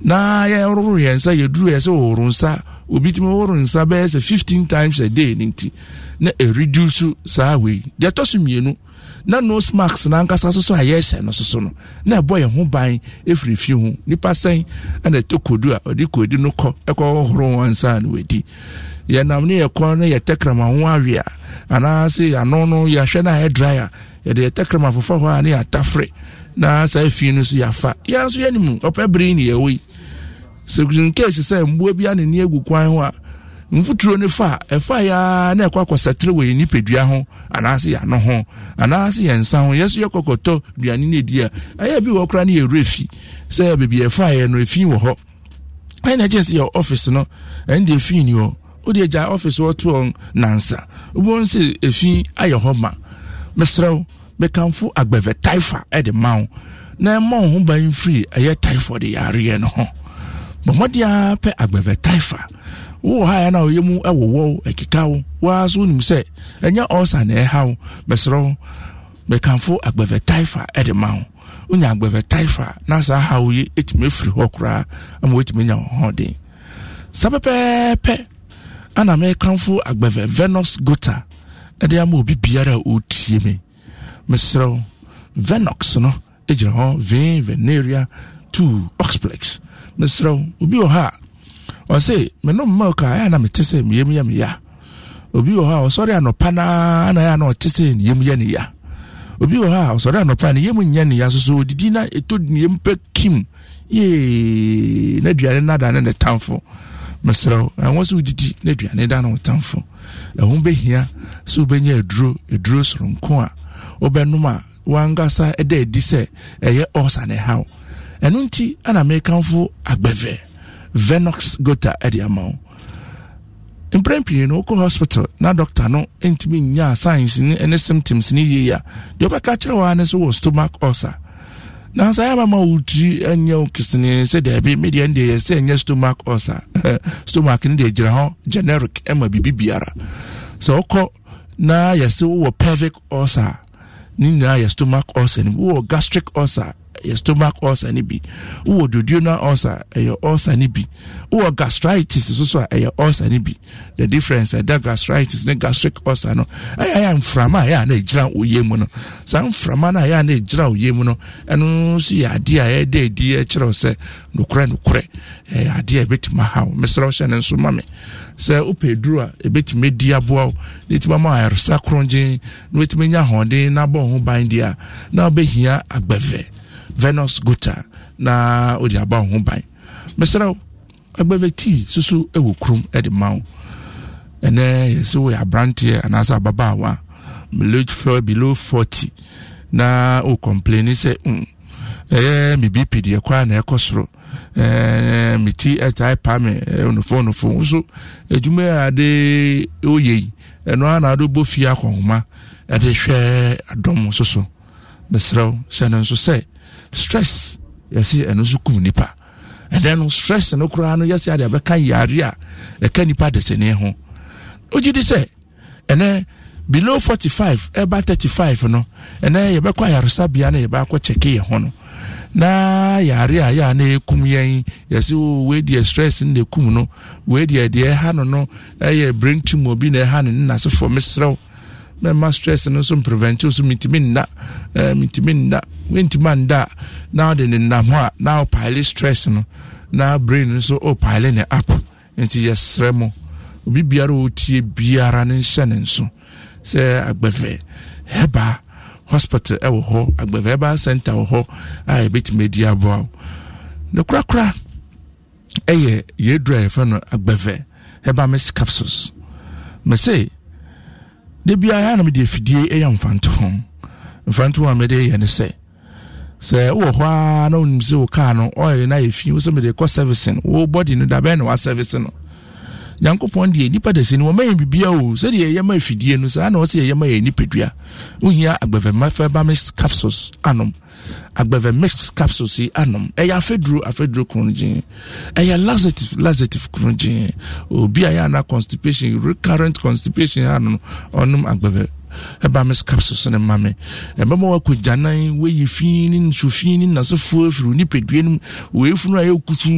na yɛroro yɛn nsa yɛduru yɛ sɛ wɔworo nsa obi tumi wɔworo nsa bɛyɛ sɛ fifteen times a day ne nti na ɛreduce saa wei deɛ ɛtɔ so mmienu na nose mask n'ankasa soso a yɛhyɛ no soso no na ɛbɔ yɛn ho ban efiri fi ho nipa sɛn ɛna ɛtɔ kodu a ɔde kodu no kɔ ɛkɔ horo wɔn nsa na wɔadi yɛnam ne yɛkɔ ne yɛtɛ krama ho awia. anaasɛ ano no yɛahwɛ no a ɛyɛ dry yɛde yɛtɛ krama fofa hɔ a ne yɛatafere na saa fie no so yɛafa yɛn nso yɛnim ɔpɛ bere ne yɛwɔ yi sɛkusin case sɛ mmoa bi ane ne agu kwan ho a mfuturo ne fa a ɛfa yɛa na ɛkɔ akɔsɛtere wɔ yɛ nipadua ho anaasɛ yɛano ho anaasɛ yɛ nsa ho yɛ so yɛkɔkɔtɔ duane no adi a ɛyɛ bi wɔ koraa ne yɛwerɛ fi sɛ baabi yɛfaeɛ no efi wɔ hɔ ɛna ɛkyɛ sɛ yɛ office no ɛnde efi ni hɔ wode agya office wɔtoɔ nansa wobɛhu sɛ ɛfi ayɛ hɔ ma mesrɛ wo mekamfo agbɛvɛ taifa ɛde ma wo na ɛma wo ho ban firi ɛyɛ typhoid yareɛ no ho bɔmmɔdea pɛ agbɛvɛ taifa wowɔ ha na ɔyɛ mu ɛwowɔ wo ɛkeka wo woa so wonim sɛ ɛnyɛ ɔsa na ɛha wo mesrɛ wo mekamfo agbɛvɛ taifa ɛde ma wo wonya agbɛvɛ taifa na saa ha woyɛ ɛtumi afiri hɔ koraa ama woatumi nya wɔhoɔden sa pɛpɛɛpɛ ana m ɛkamfo agbɛvɛ venus gota ɛde ama obi biara a ɔretie me meserɛw venox no egyina hɔ vein veneria to oxplex meserɛw obi wɔ hɔ a ɔse menom milk a ɛa na mete sɛ meyamyɛ me ya obi wɔ hɔ a ɔsɔre anɔpa naa na ɛa na ɔte sɛ neyamyɛ ne ya obi wɔ hɔ a ɔsɔre anɔpa a neyam nyɛ ne ya so so na eto neyam pɛ kim yee na aduane no ada ne tamfo mesrɛ wo ɛwɔ sɛ wodidi na aduane da no wotamfo ɛho bɛhia sɛ wobɛnya aduro aduro soronko a wobɛnom a wankasa ɛda adi sɛ ɛyɛ ɔsa ne haw ɛno nti ana mekamfo agbɛvɛ venox gota ɛde ama wo pii no wokɔ na doctor no ntumi nyaa science ne symptoms a deɛ wobɛka kyerɛ wɔ a ne so wɔ stomach na saa ama ma wotiri nyɛ wo kesene sɛ daabi medeɛ no deɛ sɛ ɛnyɛ stomach ulcer <laughs> stomach no deɛ gyina hɔ generic ma biribi biara sɛ wokɔ na yɛse wowɔ pelvic ulcer ni nyinaa yɛ stomach ulcer no wowɔ gastric ulcer yɛ stomach ulcer ne bi wowɔ duodenal ulcer ɛyɛ ulcer ne bi wowɔ gastritis nso so a ɛyɛ ulcer ne bi the difference ɛda eh, gastritis ne gastric ulcer no ɛyɛ eh, ayɛ eh, mframa a ɛyɛ a na ɛgyina oyie mu no saa mframa no a a na ɛgyina oyie mu no ɛno nso yɛ adeɛ a ɛyɛda adi ɛkyerɛw sɛ nokorɛ nokorɛ ɛyɛ adeɛ a ɛbɛtumi ahaw mesrɛ hyɛ ne nso ma me sɛ wopɛ duru a ɛbɛtumi adi aboa wo na ɛtumi ama ayaresa korongyen na wɔatumi nya ahoɔden na abɔ ho ban deɛ a na wobɛhia agbɛvɛ venus gota na wode aba wo ho ban mesrɛ wo agbɛvɛ tii soso ɛwɔ kurom de ma wo ɛnɛ yɛsɛ woyɛ aberanteɛ anaasɛ ababaawa below 40 na wo complaini sɛ mm, ɛyɛ me bp na ɛkɔ soro me ti pa me nso adwuma adị de yi na bɔ fie ɛde hwɛ adɔm soso mesrɛw hyɛ no nso sɛ stress yɛse ɛno kum nipa ɛnɛ no stress no koraa no yɛsɛ ade abɛka yare a ɛka nipa desene ho ogye di below 45 ɛba 35 no ɛnɛ yɛbɛkɔ ayaresabea no kyɛke yɛ ho no na yare a yɛ na ya yɛn yɛsɛ o stress no na ɛkum no wei deɛ ɛha no no ɛyɛ brain tumor bi na ɛha no ne na ma stress no nso prevent so mitimi nna eh, mitimi nna wentimi anda na wode ne nam ho a na wopile stress no na brain so nso pile ne app nti yɛserɛ mu obi biara wɔtie biara no nhyɛ ne nso sɛ agbɛfɛ heba hospital ɛwɔ hɔ agbɛfɛ ɛbaa center wɔ hɔ a yɛbɛtumi adi aboa wo kra. korakora ɛyɛ yɛdura yɛfɛ no agbɛfɛ herbal mist capsules mɛsɛ Debi bia ha na mede afidie ɛyɛ mfanto ho mfanto a mede yɛ ne sɛ sɛ wowɔ hɔ a na wonim sɛ wo kaa no ɔyɛ na yɛ fi wo sɛ mede kɔ servicing wo body no da bɛɛ wa service no nyankopɔn deɛ nipa da se no wɔma yɛ biribia o sɛdeɛ yɛma afidie no saa na ɔsɛ yɛma yɛ nipadua wohia agbɛvɛmafɛbamis capsules anom agbɛvɛmix capsules yi anom ɛyɛ afɛduro afɛduro krongyee ɛyɛ laxative laxative krongyee obi a yɛ ana constipation recurrent constipation ano no ɔnom agbɛvɛ ɛba me scapso so ne ma me ɛbɛma wakɔ gyanan weyi fii ne nsu fii ne nasefoɔ afiri nipadua no mu weefunu a ɛyɛ kutu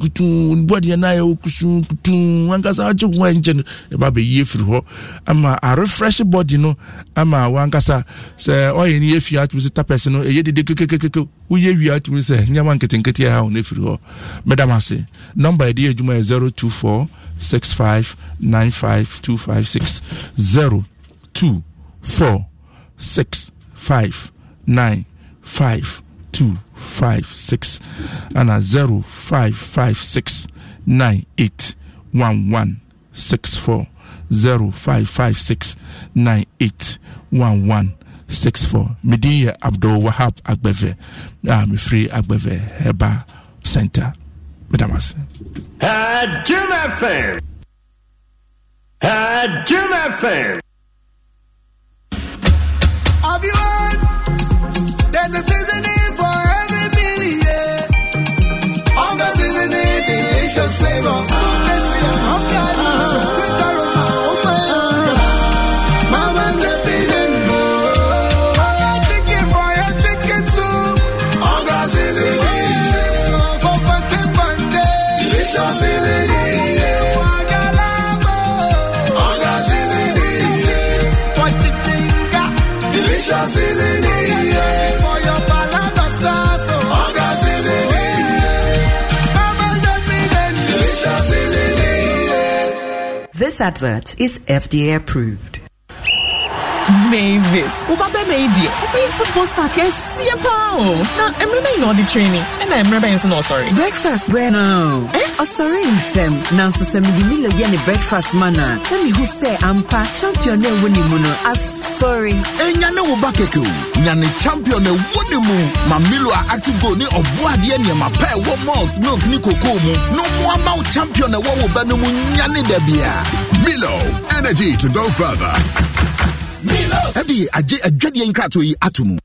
kutu bɔdeɛ no a ɛyɛ kutu wankasa wagye ho ankyɛ no ɛba bɛyi afiri hɔ ama arefresh body no ama wankasa sɛ ɔyɛ no yɛfie sɛ no ɛyɛ dede kekekekeke woyɛ wie sɛ nyɛma nketenkete wo no hɔ ɛde yɛ adwuma yɛ 024 02 four six five nine five two five six and a zero five five six nine eight one one six four zero five five six nine eight one one six four medin yɛ abdul wahab agbɛfɛ a mefiri agbɛfɛ heba center medamase Jim FM. Jim FM. lost. This advert is FDA approved. Mavis. uba Ubaba Meidi. Obey football star kɛseɛ paa o. Na mmarima yi na the training. and I'm yi nso na Sorry. Breakfast brɛ no. Ɔsɔre ntɛm nanso sɛ mede Milo yɛ breakfast mana. no a na mehu ampa champion na ɛwɔ ne mu no asɔre. Ɛnya ne wo ba kɛkɛ o. Nya ne champion mu. Ma Milo a active goal ne ɔboadeɛ ma pa ɛwɔ malt milk ni koko mu. Na ɔmo ama wo champion na ɛwɔ wo ba mu nya ne da Milo, energy to go further ɛde agye adwadeɛ nkratoɔ yi ato mu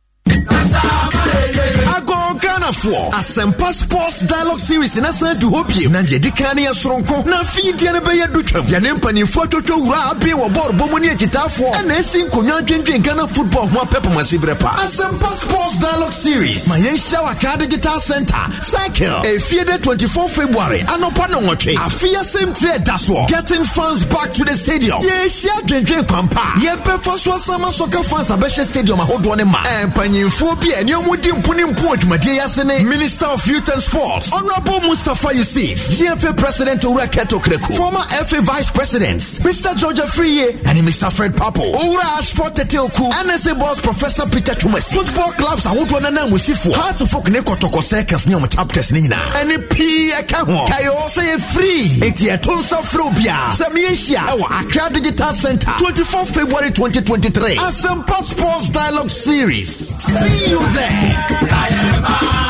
ghanafoɔ asɛmpa sports dialogue series na san du hɔ biem na yɛdi kan ne yɛ soronko na mfinidiɛ no bɛyɛ du twam yɛne mpanimfoɔ atwotwo wura abin wɔ bɔɔl bɔmu ne akyitaafoɔ ɛna esi nkonnwa dwendwen ghana football ho apɛpɔmase berɛ pa asɛmpa sports dialogue series ma yɛnhyia wɔ akra digital center cycle efie de 24 february anɔpa ne nwɔtwe afeɛ sɛm tirɛ da soɔ getting fans back to the stadium yɛhyia dwendwen kwampa yɛbɛfa so asama soccer fans abɛhyɛ stadium ahodoɔ ne ma ɛmpanyimfoɔ bi a ɛne ɔmo di mpo ne mpo adwumadeɛ yɛ Sini, Minister of Youth and Sports, Honorable Mustafa Yusuf, GFA President Ura Keto Kreku, former FA Vice Presidents, Mr. George Friye, and Mr. Fred Papo, Ura Ashford Teteoku, NSA Boss Professor Peter Tumasi, Football Clubs, Awutu Nana Musifu, Hearts of Folk Neko Toko Circus, Nyom Chapters Nina, and e P. Kaho, Kayo, say free, Etia Tonsa Frobia, Samiasia, our Accra Digital Center, 24 February 2023, Asempa Sports Dialogue Series. See you there.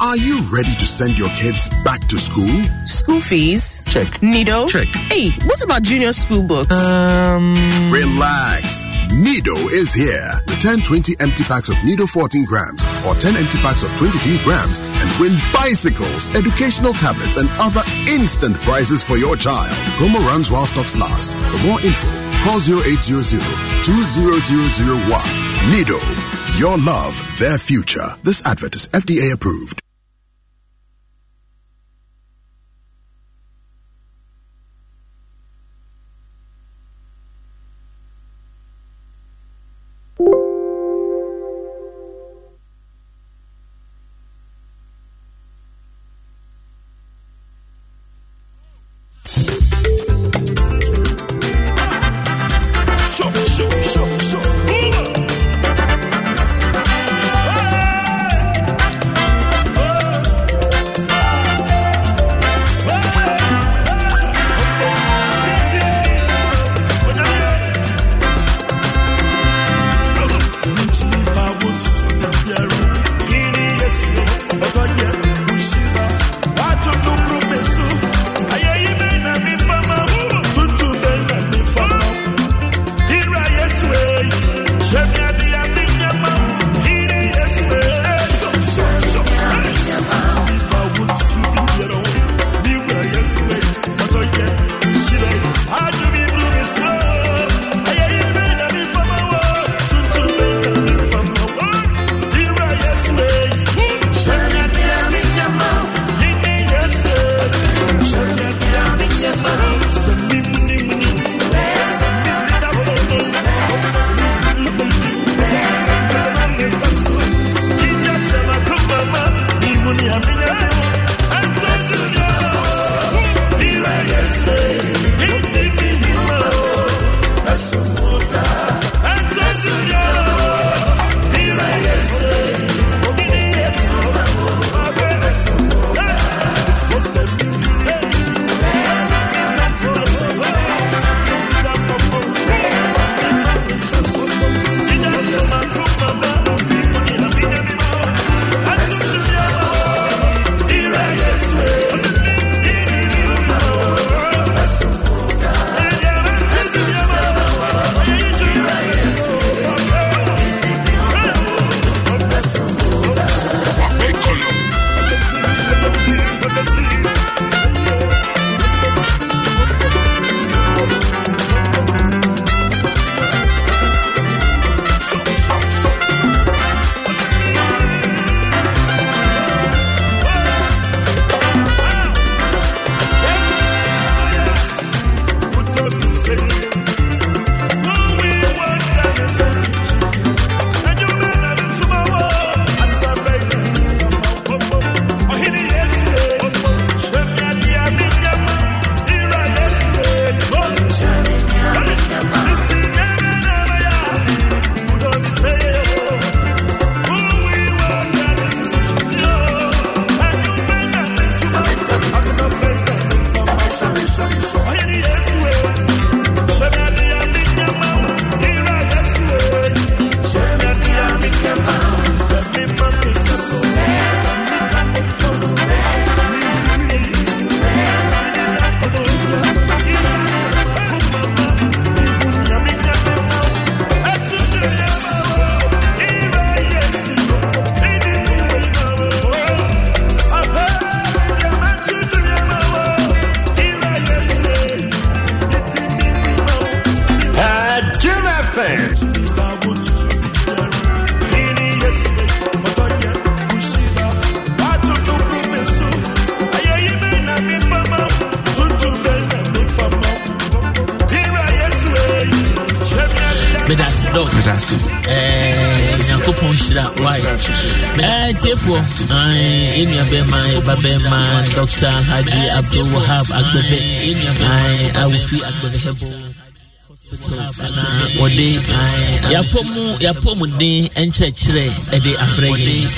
Are you ready to send your kids back to school? School fees? Check. Nido? Check. Hey, what about junior school books? Um. Relax. Nido is here. Return 20 empty packs of Nido 14 grams or 10 empty packs of 23 grams and win bicycles, educational tablets, and other instant prizes for your child. Promo runs while stocks last. For more info, call 0800 200001. Nido. Your love, their future. This advert is FDA approved. yɛapɔmuden nkyerɛkyerɛ ɛde afrɛ yɛ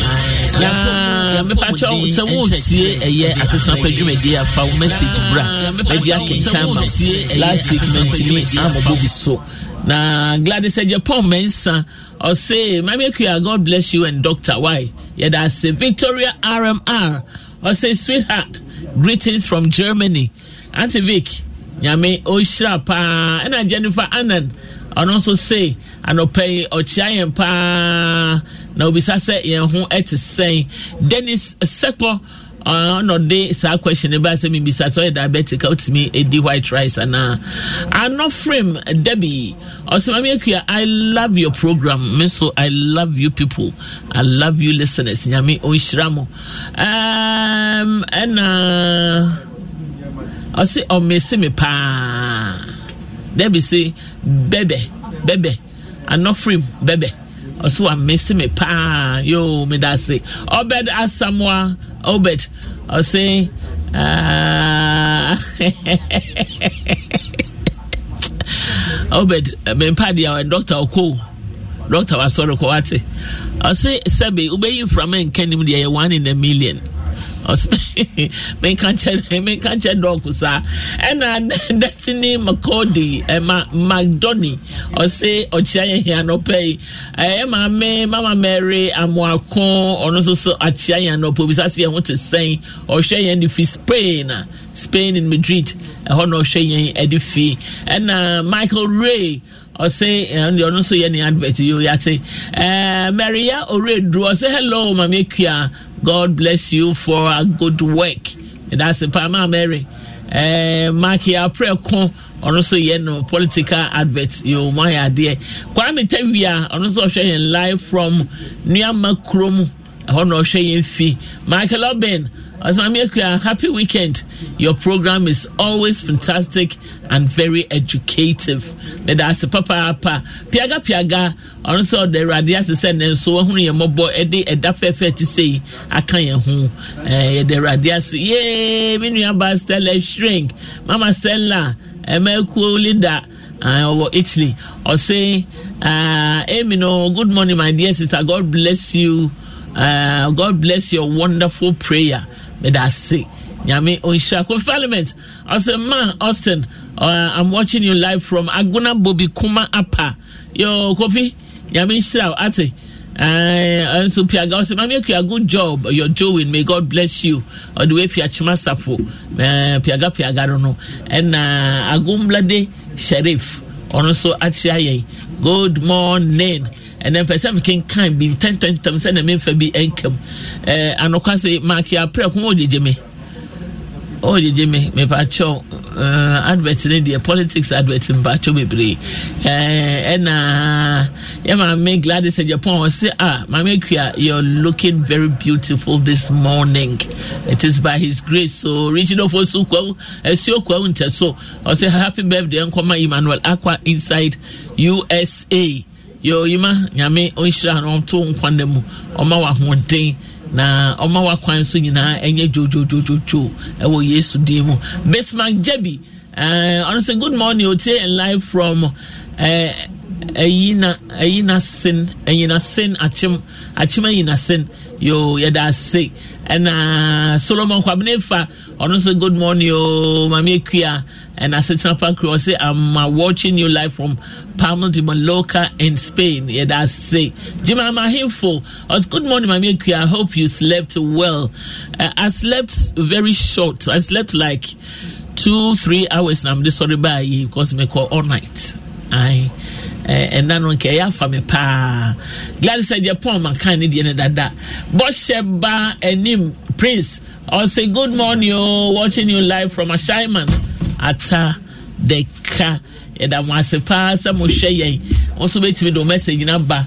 na mepakyɛw sɛ wontie ɛyɛ asetena kɔ afa wo message bra mɛde akenkan ma last week mantimi amɔbɔ bi so na gladys ɛgyapɔn mɛnsa ɔse mame akua god bless you and doctor why yɛda ase victoria rmr ɔse sweetheart greetings from germany antivic nyame ɔhyira paa ɛna jennifer annan ɔno nso se anɔpɛ yi ɔkyea yɛn paa na obisa sɛ yɛn ho te sɛn dennis sekpɔ ɔna de saa question ba sɛ mebisa sɛ ɔyɛ diabetic a wotumi ɛdi white rice anaa anɔfrem debi ɔsɛ mame akua i love your program me so i love you people i love you listeners nyame ɔnhyira mo um, ɛna ɔse ɔmese me paa debi se bɛbɛ bɛbɛ anɔfrim bɛbɛ ɔso wa mesi me paa yoo me da se obed asamoa obed ɔse ah. <laughs> obed mempadeɛ a dɔkta ɔkoo dɔkta wasɔre kɔ wate ɔse sɛbe wobɛyi mframa nka nim deɛ yɛ 1 in a million me <laughs> menka nkyɛ <laughs> dɔɔko saa ɛna <laughs> destiny mccody ɛma mcdonny ɔse ɔkyea yɛ hia nɔpɛ yi ɛyɛ maame mama mary amoako ɔno nso so akyea yɛ nɔpɛ obisa sɛ yɛn ho te sɛn ɔhwɛ yɛn de fi spain spain in madrid ɛhɔ na ɔhwɛ yɛn de fi ɛna michael ray ɔse ɛnde eh, ɔno nso yɛ ne advert yi yɛate ɛɛ eh, mɛria oredru ɔse hello maame kua god bless you for a good work ɛdaase paama mary ɛɛ eh, maki aprɛko ɔno nso yɛ no political advert yi o mo ayɛ adeɛ kwarame tawia ɔno nso ɔhwɛ yɛn live from nuama kurom ɛhɔ na ɔhwɛ yɛn fi michael obin. Asmami happy weekend. Your program is always fantastic and very educative. That's papa pa piaga piaga. Also, the radias is sending so who your mobile eddy a daffy to say I can't who eh, the radias. Yay, Minya Stella shrink. Mama Stella, Emelko leader over Italy. Or say, uh, Amy, no, good morning, my dear sister. God bless you. Uh, God bless your wonderful prayer medase nyame ɔnhyira kofi element ɔsɛ ma austin uh, i'm watching you live from aguna bobi kuma apa yo kofi nyame nhyira ate Uh, eh, and so Piaga I said, Mammy, you a good job you're doing. May God bless you. Or the way Piachima Safo, eh, Piaga Piaga, don't know. And Agumblade Sheriff, also Achiaye. Good morning ɛnɛ mpɛ sɛ mekenkan bi ntɛmtɛmtɛm sɛ na memfa bi ɛnkam eh, anɔkwa se maake aprɛ ko ɔgyegye me ɔgyegye eh, me mepakyɛw uh, advert eh, ne deɛ politics advert mpakyɛw bebree ɛna yɛ maame gladys agyapɔn ah, ɔse a maame kua ah, you're looking very beautiful this morning it is by his grace so richard ofo oh, so kwawu asuo kwawu ntɛ so ɔse happy birthday nkɔma emmanuel Aqua inside usa yɛɔyima nyame ɔnhyira no ɔmto nkwanna mu ɔma wahoɔden na ɔma wakwan so nyinaa ɛnyɛ dwodwodwodwodwo ɛwɔ yesu din mu bismark jabi eh, ɔno sɛ good morning ɔtie live from uh, ayina ayina sin ayina sin akyem akyem ayina sin yo yɛda ase ɛna solomon kwabene fa ɔno nso good morning o maame akua ɛna asetena fa kuro ɔse ama uh, watching you life from palmo de mallorca in spain yɛda ase gyima amahemfo ɔs good morning maame akua i hope you slept well uh, i slept very short i slept like two three hours na mede sɔre baa yi because mekɔ all night i ɛna no nka ɛyɛ afa me paa gladys ɛgyɛ pɔn ma kan ne deɛ ne dada bɔhyɛ ba anim prince ɔsɛ good morning o oh, watching you live from ashaiman ata deka ɛda mo ase paa sɛ mo hwɛ yɛn wɔn nso bɛtumi de o message na ba.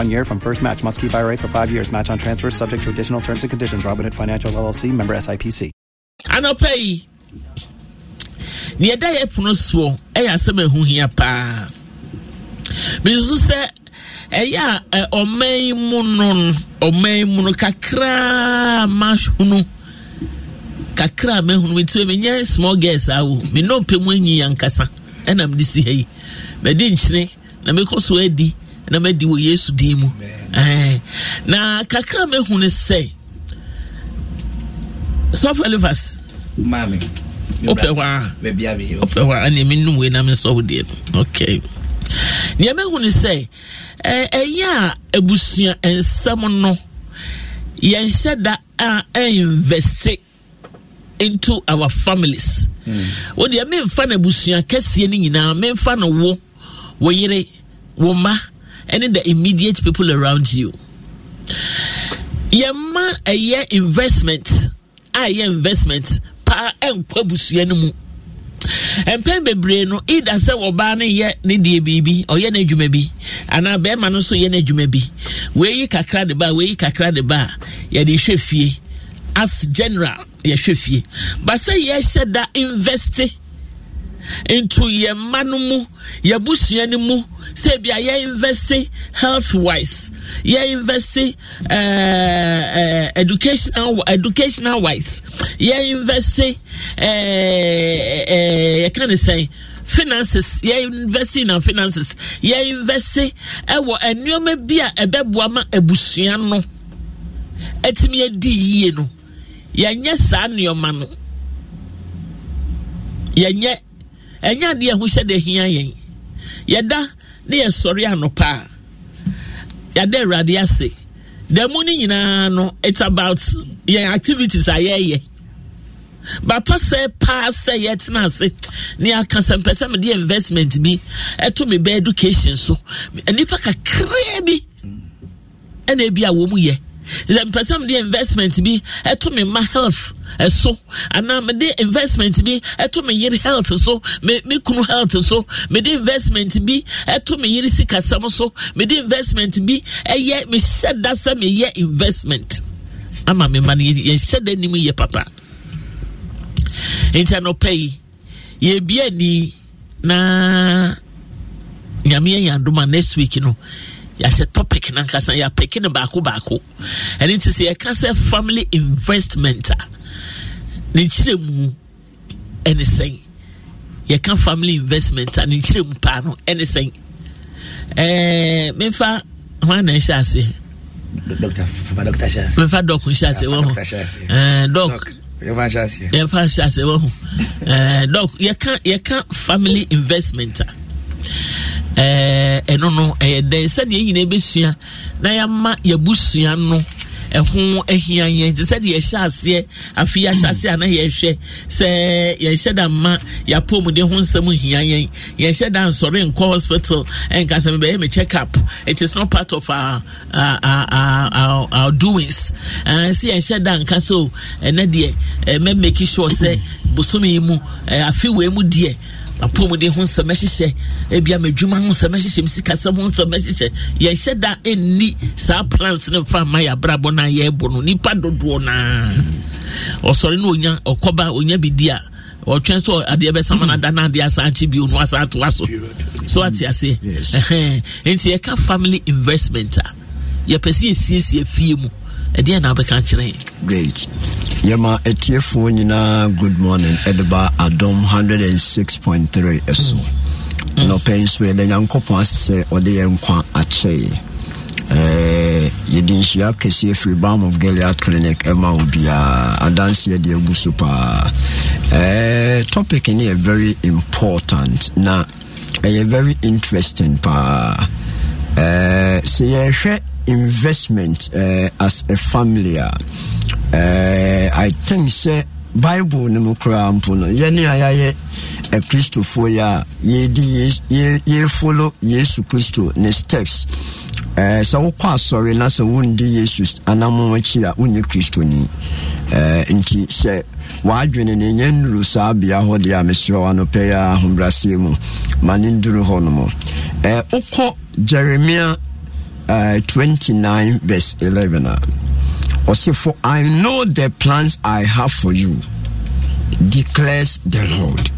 one year from first match. Must keep IRA for five years. Match on transfers subject to additional terms and conditions. Robinhood Financial LLC. Member SIPC. Anɔpɛ yi, ni ɛda yɛ pono soɔ ɛyɛ asɛm ɛho hia se Bisu sɛ eh, omei a ɔman yi mu Kakra ɔman mu no kakraa mahunu kakraa small girls awo ah, oh. mino pe mu enyi yankasa ɛnam de si ha di nkyene na mi na madi wɔ yesu din mu na kakra mahu no sɛ sɔfo elivas wopɛ hɔ a wopɛ hɔ ne menom wei na mensɔwo deɛ no okay neɛ mahu no sɛ ɛyɛ a abusua nsɛm no yɛnhyɛ da a ɛnvɛse into our families hmm. wodeɛ memfa no abusua kɛseɛ no nyinaa memfa no wo wo yere wo mma ɛne the immediate people around you yɛmma ɛyɛ eh, investment a ah, ɛyɛ investment paa eh, ɛnkɔ abusua no mu eh, mpɛn bebree no ida sɛ ɔbaa no yɛ ne deɛ biribi ɔyɛ n'adwuma bi anaa bɛrima no nso yɛ n'adwuma bi wɔyi kakra de ba wɔyi kakra de ba yɛde hwɛ fie as general yɛhwɛ fie basɛ yɛhyɛ da investi into your mma no mu yɛn busua be mu sɛ bia health wise yɛn invest eh, eh, educational educational wise yɛn invest uh, eh, uh, yɛka ne finances yɛ invest in finances yɛ invest ɛwɔ nneɛma bi a ɛbɛboa ma abusua no ɛtumi adi yie no yɛnyɛ saa nneɛma no yɛnyɛ ɛnyɛ adeɛ ho hyɛ de hia yɛn yɛda ne yɛsɔre anɔpa a yɛada awurade ase da mu no nyinaa no it's about yɛn activities a yɛreyɛ bapa sɛ paa sɛ yɛtena ase ne aka sɛ mpɛ sɛ mede investment bi ɛto me bɛ education so nnipa kakraa bi ɛna ebi a wɔ mu yɛ mpɛ sɛ mede investment bi ɛto me ma health ɛso e anaa mede investment bi ɛto me yere health e so me, me kunu health e so mede investment bi ɛto me yere sikasɛm so mede investment bi ɛyɛ mehyɛ da sɛ meyɛ investment ama me ma no yɛhyɛ da anim yɛ papa nti anɔpɛ yi yɛbia ni na nyame yɛ yɛ adoma next week no yɛahyɛ topic no ankasa yɛapɛke no baako baako ɛno nti sɛ yɛka sɛ family investment a ne nkyerɛ mu ɛne sɛn yɛka family investment a ne nkyerɛ mu paa no ɛne sɛn ɛɛ memfa hwan na ɛhyɛ aseɛ mefa dɔk nhyɛ aseɛ wɔ ho dɔk yɛmfa nhyɛ aseɛ wɔ ho dɔk yɛka family investment a ɛno no ɛyɛ dɛ sɛdeɛ nyina bɛsua na yɛama yɛabusua no ɛho ahia yɛn nti sɛdeɛ yɛhyɛ aseɛ afei yɛahyɛ aseɛ ana yɛhwɛ sɛ yɛnhyɛ da mma yɛapɔmude ho nsɛm hia yɛn yɛnhyɛ da nsɔre nkɔ hospital ɛnka sɛ mebɛyɛ me check up it is not part of our, our, our, our, our doings uh, sɛ yɛnhyɛ da nka sɛ o ɛnɛ deɛ mɛmaki sure sɛ bosome yi mu afei wei mu deɛ apɔmude ho nsɛm ɛhyehyɛ ebi ama adwuma ho nsɛm ɛhyehyɛ musikasɛm ho nsɛm ɛhyehyɛ yɛhyɛ da ɛnni saa plans ne fa ama yɛabrabɔ na yɛɛbɔ no nipa dodoɔ naa ɔsɔre no onya ɔkɔba onya bi di a ɔtwɛn so adeɛ bɛ sama nada na adeɛ asan akyi bi onu asan atoa so so ate ase ɛhɛn nti yɛka family investment a yɛpɛ si esiesie fie mu ɛdeɛ na wobɛka kyerɛ great yɛma atiefoɔ nyinaa good morning ɛde ba adom 106.3 ɛso mm. na ɔpɛi nso yɛda nyankopɔn ase sɛ ɔde yɛ nkwa akyɛe yɛde nhyia kɛseɛ firi bam of gilead clinic ɛma wo biaa adanseɛ de agu so paa topic ne yɛ very important na ɛyɛ very interesting paa Eh, sɛ yɛhwɛ investment uh, as a family a uh, i think sɛ bible no mu koraa mpo no yɛne a yɛayɛ akristofoɔ yi a yɛdi yɛfolo yesu kristo ne steps Uh, sɛ wokɔ asɔre na sɛ wondi yesu anamo akyi a wonye kristoni uh, nti sɛ waadwene no ɛnyɛ nnuru saa bea hɔ deɛ a meserɛ w anɔpɛ yi ahobraseɛ mu ma ne nduru hɔ no uh, wokɔ jeremiah uh, 29 verse 11 uh, say, for i know the plans i have for you declares the lord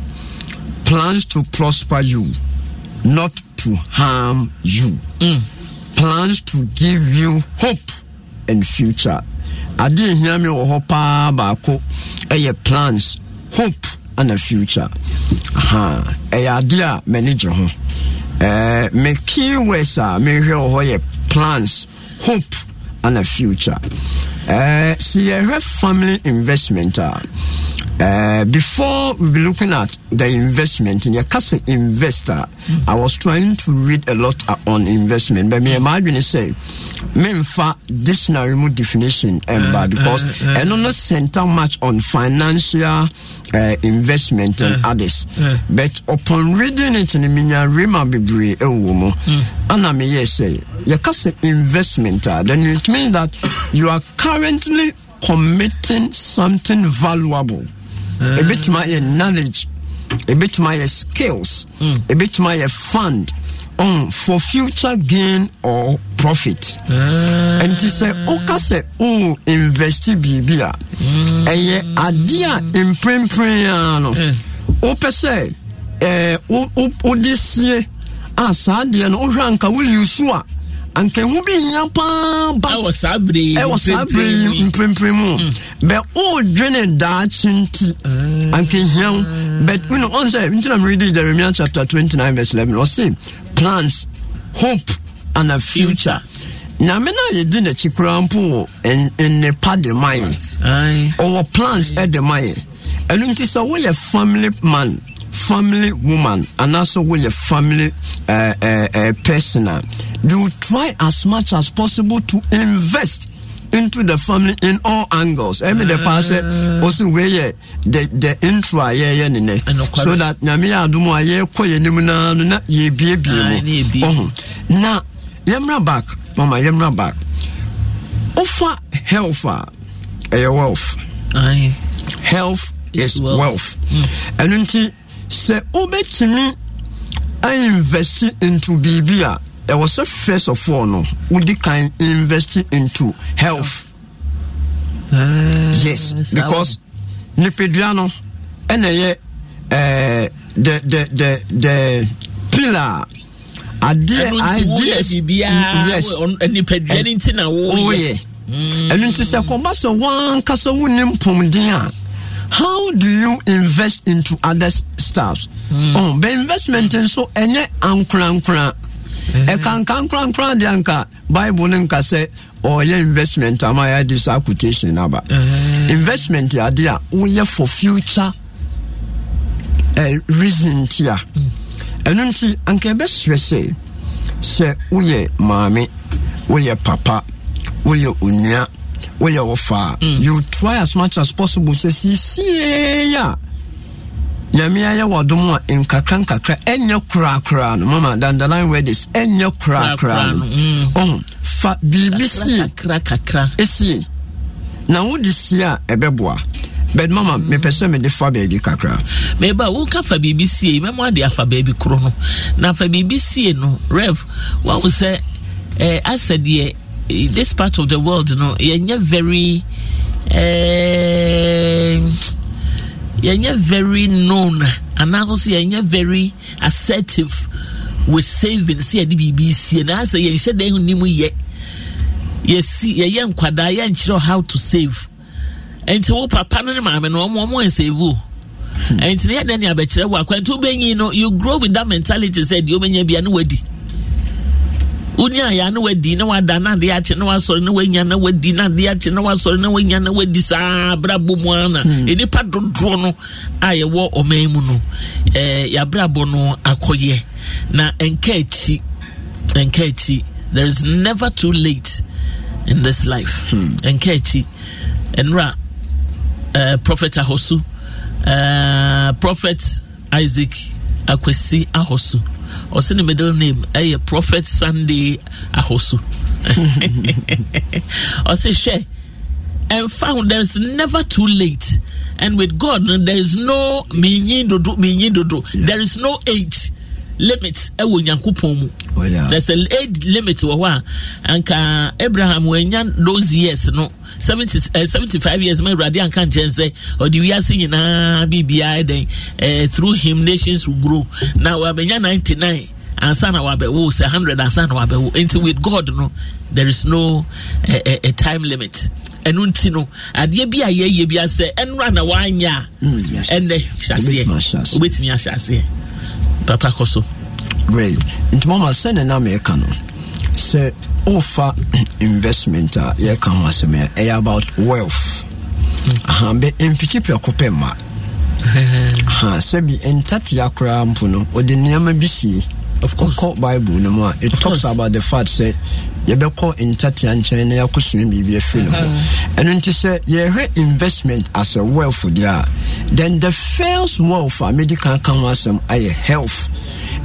plans to prosper you not to harm you mm. plans to give you hope and future I didn't hear me wɔ hope, oh, paa baako ɛyɛ eh, plans hope a future ɛyɛ eh, adeɛ I m'ani gye ho Eh, me key a mehwɛ wɔ hɔ plans hope a future eh, see, yɛhwɛ family investment ah. Eh, before we be looking at the investment in your castle investor, mm-hmm. I was trying to read a lot uh, on investment, but me imagine say, me this dictionary mu definition and uh, eh, eh, because uh, uh, I don't center much on financial uh, investment and others, but upon reading it in minya rema bebre ewomo, hmm. ana me yes say your castle investment, uh, then it means that you are currently committing something valuable. ɛbɛtumi uh, ayɛ knowledge ɛbɛtumi uh, ayɛ skills ɛbɛtumi hmm. ayɛ uh, fund um, for future gain or profit nti sɛ woka sɛ o invest biribi a ɛyɛ adeɛ a mprempren a no wopɛ sɛ wode sie a saa deɛ no wohwɛ anka woyusu a ankanhu bi hia paa but ɛwɔ saa bere yi ɛwɔ saa bere yi mprempren mu hmm. bɛ ɔɔdwene daakye nti ah. ankanhia but you know ɔn mi reading jeremiah chapter twenty nine verse eleven ɔse plans hope and a future. nyame no a yɛdi n'akyi koraa mpo wɔ nnepa de ma yɛ ɔwɔ plans de ma yɛ ɛno nti sɛ woyɛ family man family woman anaasɛ woyɛ family uh, uh, uh, person a you try as much as possible to invest into the family in all angles. Ẹmi de paa sẹ, ah. o si wee the the intro a yẹ yẹ nenẹ. So that nyame yẹ adumu a yẹ kọ yẹ nimu naa no na yẹ ebie bie mu. Ọhun ah, na yẹmra back mama yẹmra back. Ofa health a ɛyɛ wealth. Aye. Health is wealth. Hmm. Ɛnu nti sɛ wobɛtumi ainvest into biribi a ɛwɔ sɛ first of all no wodi kan invest into health ah, yes because nipadua no ɛna ɛyɛ ɛɛ eh, the the the the pillar adeɛ ideas yes nipadua ne ti na wɔyɛ mm. ɛnu ti sɛ kɔba sɛ wɔn ankasa wɔn ne mpɔmden a how do you invest into other staffs mm. oh, but investment hmm. nso ɛnyɛ ankorankora ɛka hmm. nka nkorankora deɛ nka bible no nka sɛ ɔyɛ investment ama yɛde saa quotation no hmm. investment yɛade a woyɛ for future uh, reason nti a ɛno nti anka ɛbɛserɛ sɛ sɛ woyɛ maame woyɛ papa woyɛ onua woyɛ wɔ faa mm. you try as much as possible sɛ siesiei a nyame ayɛ wɔdom a nkakra nkakra ɛnyɛ korakora no mama dandalin wedis ɛnyɛ korakora no ɔho mm. oh, fa biribi sie sie na wode sie a ɛbɛboa bɛt mama mm. mepɛ sɛ mede fa baabi kakra meba woka fa biribi sie mɛmo ade afa baabi koro no na fa biribi sie no rev wawo sɛ eh, asɛ deɛ this part of the world you know you're very uh, eh, yɛnyɛ very known And anaso so yɛnyɛ very assertive with saving sɛ yɛde biribi sie na sɛ yɛnhyɛ dan ho ni mu yɛ yɛsi yɛyɛ nkwadaa yɛnkyerɛ how to save nti wo oh, papa no ne maame no ɔmo ɔmo nsave o nti ne yɛ dan ne abɛkyerɛ wo akwantu bɛnyi no you grow with that mentality sɛ deɛ never bia an wadi. wuni aya na wadi na wada na ade akye na wasɔre na wanya na wadi na ade akye na wasɔre na wanya na wadi saa abrabɔ mu ana nipa dodoɔ no a yɛwɔ ɔman mu no ɛɛ yabrabɔ no akɔyɛ na nka akyi nka akyi there is never too late in this life nka akyi nwura ɛɛ prophet ahosu ɛɛ eh, prophet isaac Akwesi ahosu. ɔsi ne middle name ɛyɛ prophet sunday ahosu <laughs> ɔsi hwɛ and found there is never too late and with god there is no minyin dodo minyin dodo there is no age. limit ɛwɔ nyankopɔn mu oh, there's a age limit wɔ hɔ a anka abraham wanya those years no seventy uh, eh, 75 years ma awurade anka nkyɛn sɛ ɔde wiase nyinaa biribiaa dɛn uh, through him nations will grow na wabɛnya 99 ansa na wabɛwo sɛ 100 ansa na wabɛwo nti with god no there is no uh, uh, a time limit ɛnu nti no adeɛ bi a yɛyɛ bi asɛ ɛnura na wanyɛ a ɛnɛ hyɛ aseɛ wobɛtumi ahyɛ aseɛ papa kɔ so wei nti mama sɛne na meɛka no sɛ wofa <clears throat> investment a yɛka ho asɛm a ɛyɛ about wealth mm. aha bɛ mfikyi prɛko pɛ mma <laughs> aha sɛbi ntatea koraa mpo no wɔde nneɛma bi sie ɔkɔ bible no mu a it talks about the fact sɛ yɛbɛkɔ ntatea nkyɛn na yɛakɔsua biribi afiri ne ho ɛno nti sɛ yɛhwɛ investment as a wealth deɛ a then the first wealth a mede kan ka ho asɛm ayɛ health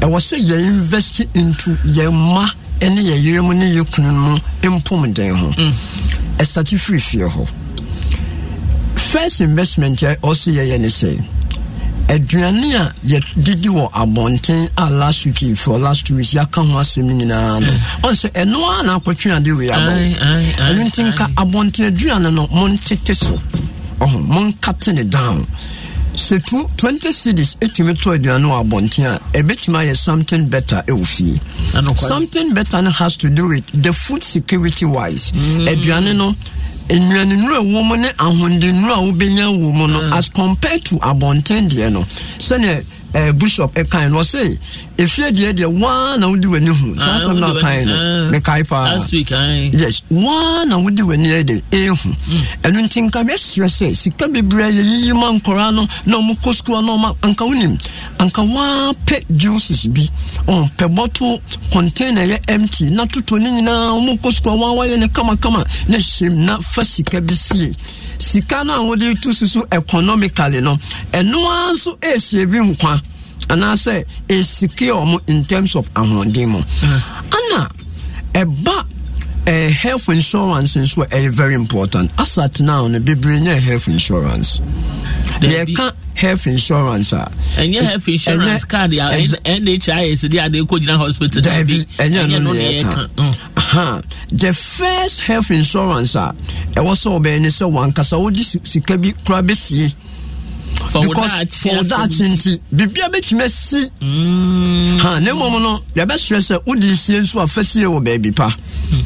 ɛwɔ sɛ yɛ into yɛn mma ne yɛ yere mu ne yɛ kunu mu mpomden ho mm. ɛsate firi hɔ first investment yɛ ɔsɛ yɛyɛ ne sɛ aduane a yɛdidi wɔ abɔnten a last week for last two weeks yɛaka ho asɛm nyinaa no mm. ɔn sɛ ɛno a na akɔtwe ade wei abɔ ɛno nti nka abɔnten aduane no montete so ɔho monkate ne down sɛ tu twenty cities etumi tɔ aduane wɔ abɔnten a ebetumi ayɛ something better ɛwɔ fie something better no has to do with the food security wise mm. aduane mm. no nnuane nnuro a ɛwɔ mu ne ahonde nnuro a wobɛnya wɔ mu no mm. as compared to abɔnten deɛ no sɛnea ɛɛ eh, bishop ɛkan no ɔse efie deɛ deɛ waa na wodi w'ani hu saa fɛn na kan no ah. mekae paa yes waa na wodi w'ani ɛde ehu mm. ɛnu nti nka bɛ srɛ sɛ sika bebree yɛ yiyi ma no na wɔn kɔ sukuu na wɔn anka nim anka waapɛ juices bi ɔmpɛ bɔto container yɛ empty na toto ne nyinaa wɔn kɔ sukuu a wɔayɛ ne kamakama na hyɛm na fa sika bi sie sika no a wɔde tu susu economically no ɛnoa nso ɛɛsie bi nkwa anaasɛ ɛsike wɔn in terms of ahoɔden mu ah. ana ɛba uh, health insurance nso ɛyɛ uh, very important as at now no bebree nyɛ health insurance yɛka health insurance a. ɛnyɛ health insurance card a nhis de ade ko gyina hospital na bi ɛnyɛ no ne mm. Huh. the first health insurance a ɛwɔ sɛ ɔbɛn ne sɛ wankasa wodi sika bi kura bɛsie. because ɔda akyi nti biribi a bɛtumi asi mm. ha ne mmom no yɛbɛsrɛ sɛ wode sie nso afa sie wɔ baabi pa. Mm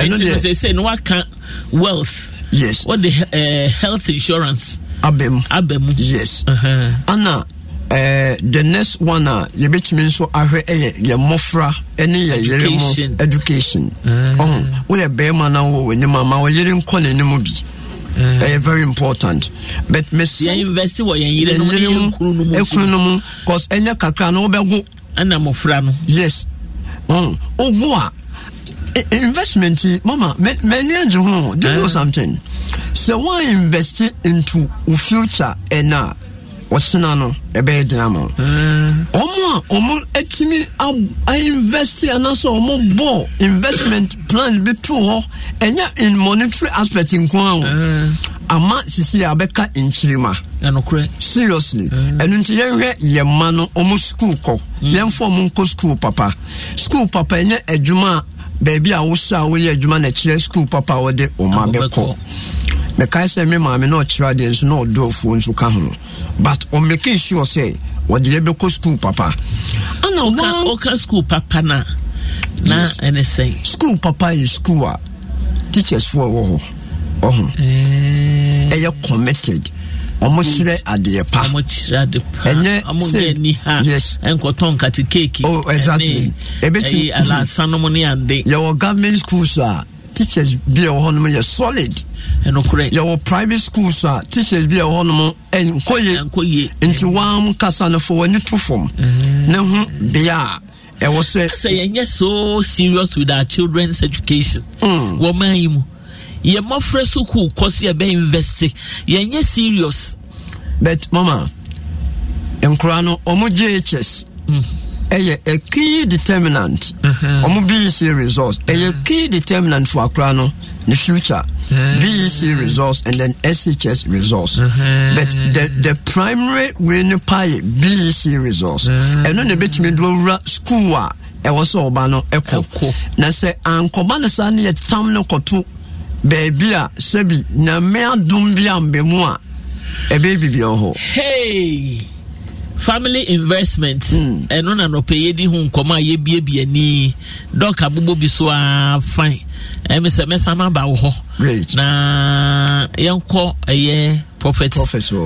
ɛno deɛ sɛ sɛ no waka wealth yes what the uh, health insurance abem abem yes uh-huh. ana Uh, eh, the next one a ah, yɛbɛtumi nso ahwɛ eh, yɛ yɛ mmɔfra ne yɛ yere mu education ah. ɔho woyɛ bɛrima na wɔ w'anim ama wɔyere nkɔ n'anim bi ah. ɛyɛ very important but mesi yɛn invest wɔ yɛn yere no mu yɛn kuru no mu ekuru no mu cause ɛnyɛ kakra na wɔbɛgo ɛna mmɔfra no yes ɔho ogu a Eh, eh, investment mama many and you do you know eh. something so why invest into future and now wɔkyena no ɛbɛyɛ dina ma ɔmo a ɔmo atumi ainvest anaasɛ ɔmo bɔ investment plan bi to hɔ ɛnyɛ in monetary aspect nko a o ama sisi a bɛka nkyirima seriously ɛno nti yɛhwɛ yɛn mma no ɔmo school kɔ mm. yɛmfa ɔmo nkɔ school papa school papa ɛnyɛ adwuma baabi a wohyɛ a woyɛ adwuma na kyerɛ skul papa wɔde ɔma bɛkɔ mekae sɛ me maame na ɔkyerɛ adeɛ nso na ɔdɔɔfoɔ nso ka ho but ɔmmeke sure sɛ wɔde yɛbɛkɔ skul papa ana ɔka skul papa na ɛne sɛ papa yɛ skul a teachers foɔ ɛwɔ hɔ ɔho eh. ɛyɛ committed ɔmo kyerɛ adeɛ pa ɔmo kyerɛ adeɛ pa ɛnyɛ sɛ ɛni ha yes ɛnkɔtɔ nkate keeki oh exactly ɛbɛti ɛyi alasanom ne ade yɛwɔ government schools a teachers bi ɛwɔ hɔnom yɛ solid ɛnokorɛ yɛwɔ private schools a teachers bi ɛwɔ hɔnom ɛnkɔye nti wɔn kasa no fo wɔn ani to fam ne ho bea a ɛwɔ sɛ. sɛ yɛn nyɛ so serious with our children's education mm. wɔ man yi mu yɛn mmɔfra sukuu kɔsi ɛbɛ investi yɛn nyɛ serious. but mama nkura no wɔn jhs ɛyɛ mm. a key determinant wɔn bec results ɛyɛ key determinant for akura no ne future mm. bec results and then shs results mm-hmm. but the the primary way e mm. ne pa yɛ bec results ɛno na ebetumi do owura sukuu a ɛwɔ sɛ ɔba no ɛkɔ na sɛ ankɔba no saa ne yɛ tam no baabi a sɛbi nyame adom bi ambɛ mu a ɛbɛyɛ biribi wɔ hey family investment ɛno mm. na nɔpɛ yɛdi ho nkɔmɔ a yɛbiebie ni dɔka bobɔ bi so a fan ɛmi sɛ mɛsam aba wɔ hɔ na yɛnkɔ ɛyɛ prophet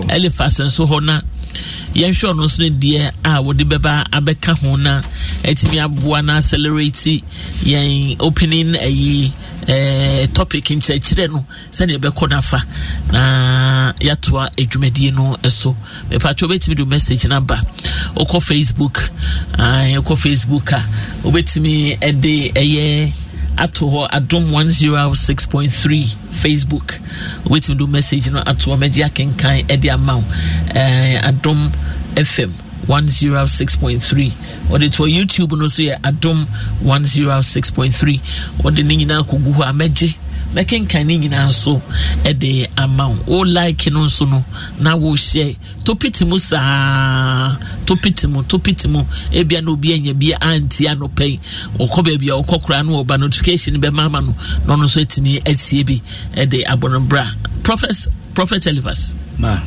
elifas nso hɔ na yɛnhwɛ ɔno nso deɛ a wɔde bɛba abɛka ho na atumi aboa na accelerate yɛn opening ayi eh, topic nkyerɛkyerɛ no sɛdeɛ ɛbɛkɔ nafa na yɛatoa adwumadie no so mepatwɛ wobɛtumi de message no ba wokɔ facebook wokɔ ah, facebook a wobɛtumi de ɛyɛ eh, ato hɔ adom 106.3 facebook wobɛtumi do message no ato hɔ mɛde akenkan de ama wo adom fm 106.3 wɔde to youtube no so yɛ adom 106.3 wɔde ne nyinaa kɔgu hɔ a mɛgye na kenkan ne nyinaa nso de ama wo wo like no nso no na wo hyɛ topiti mu saa topiti mu topiti mu ebia na obi anya bi anti anɔpɛ yi wɔkɔ baabi a wɔkɔ koraa no wɔba notification bɛma ama no na ɔno nso atumi asie bi de abɔ prophet prophet elivas ma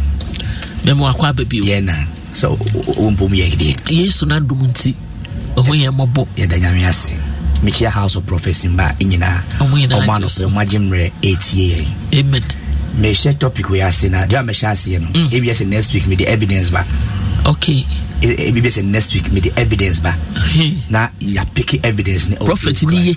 mɛmo akɔ aba So, yɛna sɛ wɔmpom yɛ deɛ yesu no adom nti ɛho yɛ mmɔbɔ nyame ase mekyia house of prophecy mba nyinaa ɔmo anɔpɛ ɔmo agye mmerɛ ɛtie yɛn mehyɛ topic wei ase na deɛ a mehyɛ aseɛ no mm. ebi ɛsɛ next week mede evidence ba okay ebi e, bɛ next week mede evidence ba na yɛapeke evidence ne prophet ni ye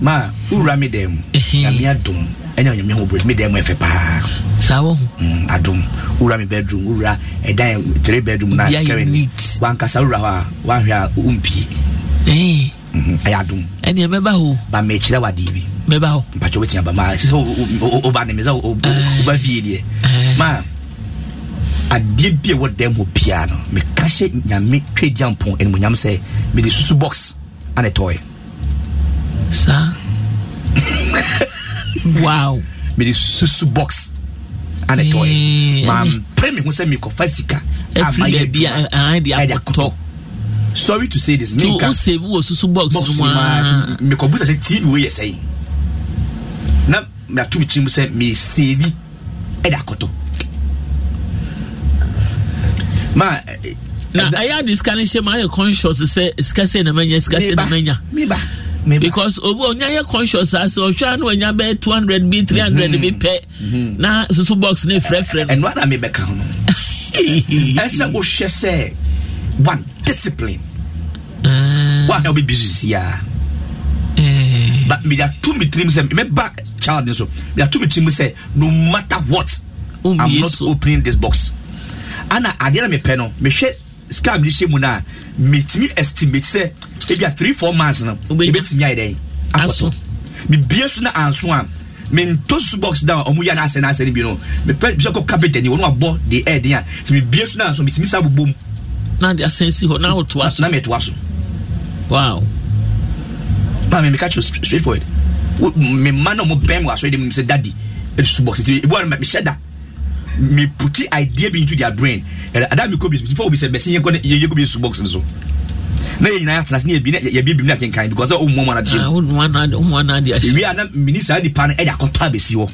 ma wura mi dɛm nyame adom ɛne onyame ho brɛ me dɛm ɛfɛ paa saa mm, wɔ Adum adom wura me bedroom wura ɛdan e three bedroom na kɛrɛ ni wankasa wura hɔ a wahwɛ a wompie ɛyɛ adum ɛni mɛba hɔ ba mɛ kyerɛ wa diibi mɛba hɔ mpatsɛ wo tiɲɛ ba ma sisan o ba nɛmɛ sisan o ba fie deɛ ma adeɛ bi a ɛwɔ dɛm hɔ bia no mɛ kahyɛ nyame twɛ gya mpɔn ɛnimu nyam sɛ mɛ de susu box ana ɛtɔɔ yɛ saa wow mɛ de susu box ana ɛtɔɔ yɛ me, mpɛ mi ho sɛ mi kɔfa sika a ma yɛ bi a ɛde akɔtɔ sorry to say this mi nka save wɔ susu box box maa mi kɔ busa sɛ tv wo yɛ sɛyi na mi atu mi tiri mu sɛ mi save ɛda akɔtɔ maa. Eh, na ɛyɛ adi sika ne hyɛ mu ayɛ conscious sɛ sika sɛ na mɛnya sika sɛ na mɛnya. mi ba mi ba because obi oh, onya yɛ conscious ase ah, ɔhwɛ anu onya bɛ two hundred bi three hundred bi mm-hmm. pɛ mm-hmm. na susu box ne frɛfrɛ. ɛnu ara mi bɛ ka ho no ɛsɛ o hyɛ one discipline wa na wobɛbi so siaa but medato me tirim sɛ mɛba child ne so medato me tirim sɛ eh, no matter what um, i'm not so. opening this box ana adeɛ na mepɛ no mehwɛ sika mi hyɛ mu no a metumi estimate sɛ ebi a three four months no ebetumi ayɛ dɛn akɔtɔ mebie so na anso a mento so box down ɔmo yɛ anaasɛ naasɛ no bi no mepɛ bi sɛ kɔ carpet ani wɔn abɔ de air den a mebie so na anso metumi sa bobom na de asan si hɔ na wotoa so na metoa so wow ba me meka kyerɛ straight forward me ma na ɔmo bɛn mu asɔre de mu sɛ dadi esu bɔ titi ebu ara mehyɛ da me puti idea bi into their brain ada mi ko bi before obi sɛ bɛsi yɛ kɔ ne yɛ ko bi esu box so na yɛ nyinaa atena se ne yɛ bi ne yɛ bi bi ne akenkan because ɔmo mu ɔmo ah, anagye mu ɔmo anagye mu ewia na mini saa nipa no ɛde akɔtɔ abesi hɔ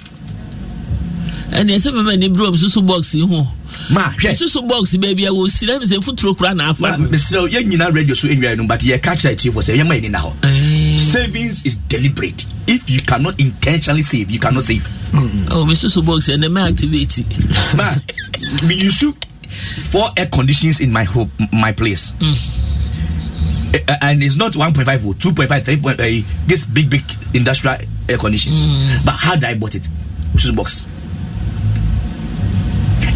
ɛnna ɛsɛ mɛmɛ ni bro mususu box yi ho. ma hwɛ mususu box baabi ɛwɔ sira mi sɛ nfuturo kura na afa. ma mesiraw yɛn nyinaa radio so enyo ɛnum but yɛ kakyira eti fo sɛ yɛn ma yɛ nina hɔ. savings is deliberate if you cannot intentionally save you cannot save. Mm. oh mususu box ɛnna mɛ activate. ma mi yusu four air conditions in my home my place. Mm. Uh, and it's not 1.5 volt, 2.5, 3.8, uh, this big, big industrial air conditions. Mm. But how did I bought it? Which box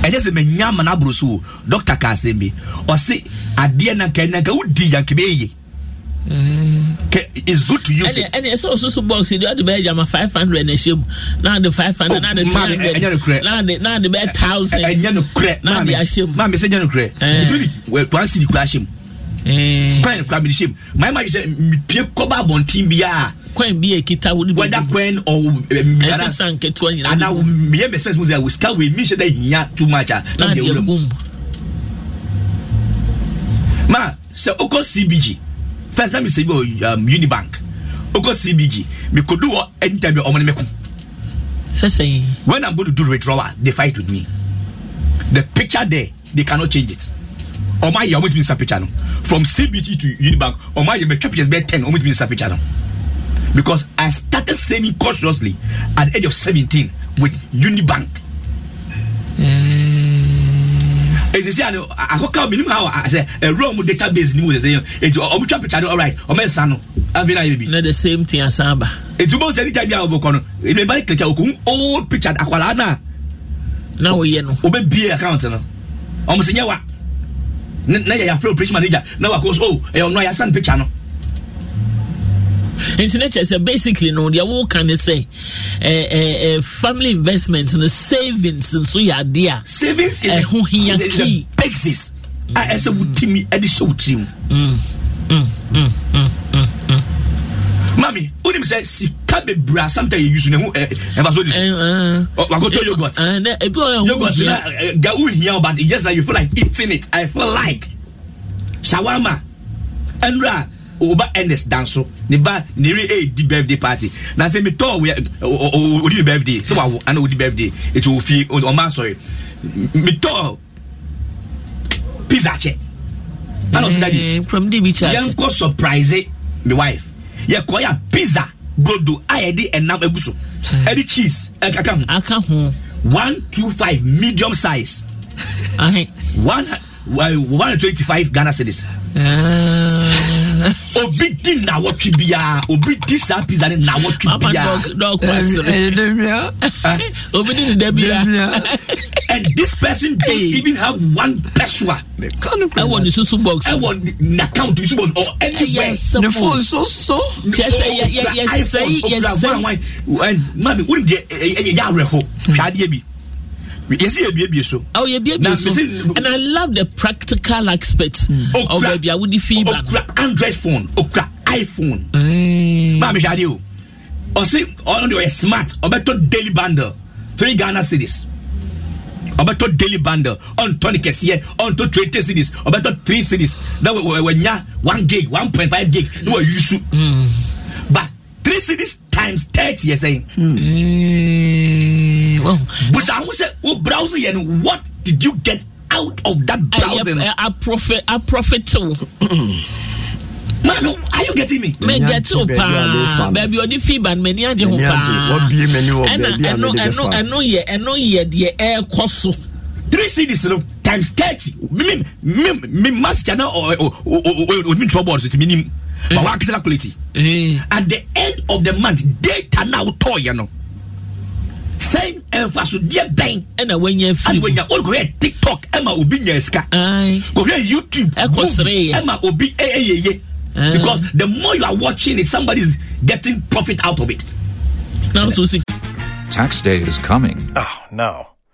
ɛnyɛ sɛ manya ma no aboro so o dɔkta ka asɛm bi ɔse adeɛ nanka nanka wodi yankebɛɛye mm-hmm. it's good to use and, it. ɛnna ɛsɛ osusu box yi ɔde bɛyɛ jama five hundred na ɛhyɛ mu n'ade five hundred oh, n'ade three hundred n'ade n'ade bɛyɛ thousand ɛnyɛ no korɛ n'ade ahyɛ mu maame sɛ ɛnyɛ no korɛ eh. ɛfiri wansi ni kura ahyɛ mu. Eh. kwan kura mi hyɛm maa ma yi sɛ mipie kɔba abɔnten bi a. kwan bi yɛ kita wo ni bɛ wɛda kwan ɔwɔ ɛɛ ɛsɛ san ketewa nyinaa ana miyɛ mɛ spɛs mo sɛ sika wei mi sɛ dɛ hiya too much a. na deɛ gum. ma sɛ okɔ cbg first time I sɛ bi wɔ um, unibank okɔ cbg mi ko do wɔ anytime bi ɔmo ne mɛ kun. sɛsɛ yi. when i'm going to do withdrawal they fight with me the picture there they cannot change it ọmọ ayé ọmọ tí mi nsa picture no from cbt to unibank ọmọ ayé mẹtwa pictures bẹẹ ten ọmọ tí mi nsa picture no because i started saving cautiously at the age of seventeen with unibank. esisi ano akɔka minimu ha sɛ ɛwura ɔmu database ni mu sɛ sɛ eti ɔmu twa picture no alright ɔmu ɛsa no afi na yɛ bi. na the same thing asan aba. etu eh, bɔ sɛ anytime bi a ɔbɔ kɔ no ebi ba kɛkɛ old picture akwalaa na. na oyɛ no. o bɛ bie account no ɔmu sɛ nyɛ wa na yɛ yɛafrɛ operation manager na wakɔ so o ɛyɛ ɔno yɛasan picture no nti ne kyerɛ sɛ basically no deɛ woka ne sɛ eh, eh, eh, family investment no savings nso yɛ adeɛ a savings is ɛho hia key basis a ɛsɛ wotimi ɛde hyɛ wo tirim mm, mm, mm, mami wonim sɛ sika bebree asanta yɛ yusu nehu ɛvasoli eh, eh, eh, wakoto yogurt yogurt na ga wohia but it just like you feel like eating it i feel like shawarma ɛnura oba ernest danso ne ba ne re ɛdi birthday party na sɛ metɔ odi ne birthday sɛ wawo ana odi birthday ɛti e ofie ɔma sɔre metɔ pizza kyɛ ana ɔsɛ dadi yɛnkɔ surprise me wife yɛkɔ yɛ pizza brodo a yɛde ɛnam agu so ɛde cheese ɛkaka ho aka ho one two five medium size one uh, one twenty five ghana cedis. Uh. <laughs> obi di nawɔtwi biara obi di saa pizza ne nawɔtwi biara eh, eh, <laughs> obi di <laughs> and this person don't even have one pesua ɛwɔ ni susu box ɛwɔ n'account susu box or anywhere ne phone so so yɛsɛ yɛsɛ yɛsɛ maami wuli de ɛyɛ yɛ awurɛ hɔ hwɛ adeɛ bi yɛsi yɛ biebie so. awo yɛ biebie so and i love the practical aspect. Hmm. Okra, of baabi awudi fi ba. okura android phone Okra, iphone. Eh. maa mi hwɛ adi o ɔsi ɔno de ɔyɛ smart ɔbɛtɔ daily bundle three ghana cities ɔbɛtɔ daily bundle ɔntɔ ne kɛseɛ ɔntɔ twenty cities ɔbɛtɔ three cities na wɔ wɔ nya one gig one point five gig na wɔ yusu. Mm three cities times thirty yɛ sɛn. busa ahu sɛ o browse yɛ no what did you get out of that browsing. a profit a profit o. Mano, are you getting me? Me get o paa, baabi ɔdi fiba mɛ ni adi ho paa. Ɛna ɛno ɛno ɛno yɛ ɛno yɛ deɛ ɛɛkɔ so. Three cities no times thirty. Mi mi mi mi mask yɛ na ɔ ɔ ɔ ɔ ɔ ɔ ɔ ɔ ɔ ɔ ɔ ɔ ɔ ɔ ɔ ɔ ɔ ɔ ɔ Mm-hmm. wa mm-hmm. at the end of the month data na wotɔ yɛ no sɛn ɛnfasodeɛ bɛn ɛna wanya firi mu ɛna wanya tiktok ɛma obi nya sika kɔhwɛ youtube ɛkɔsere yɛ ɛma obi because the more you are watching it somebody is getting profit out of it. Tax day is coming. Oh no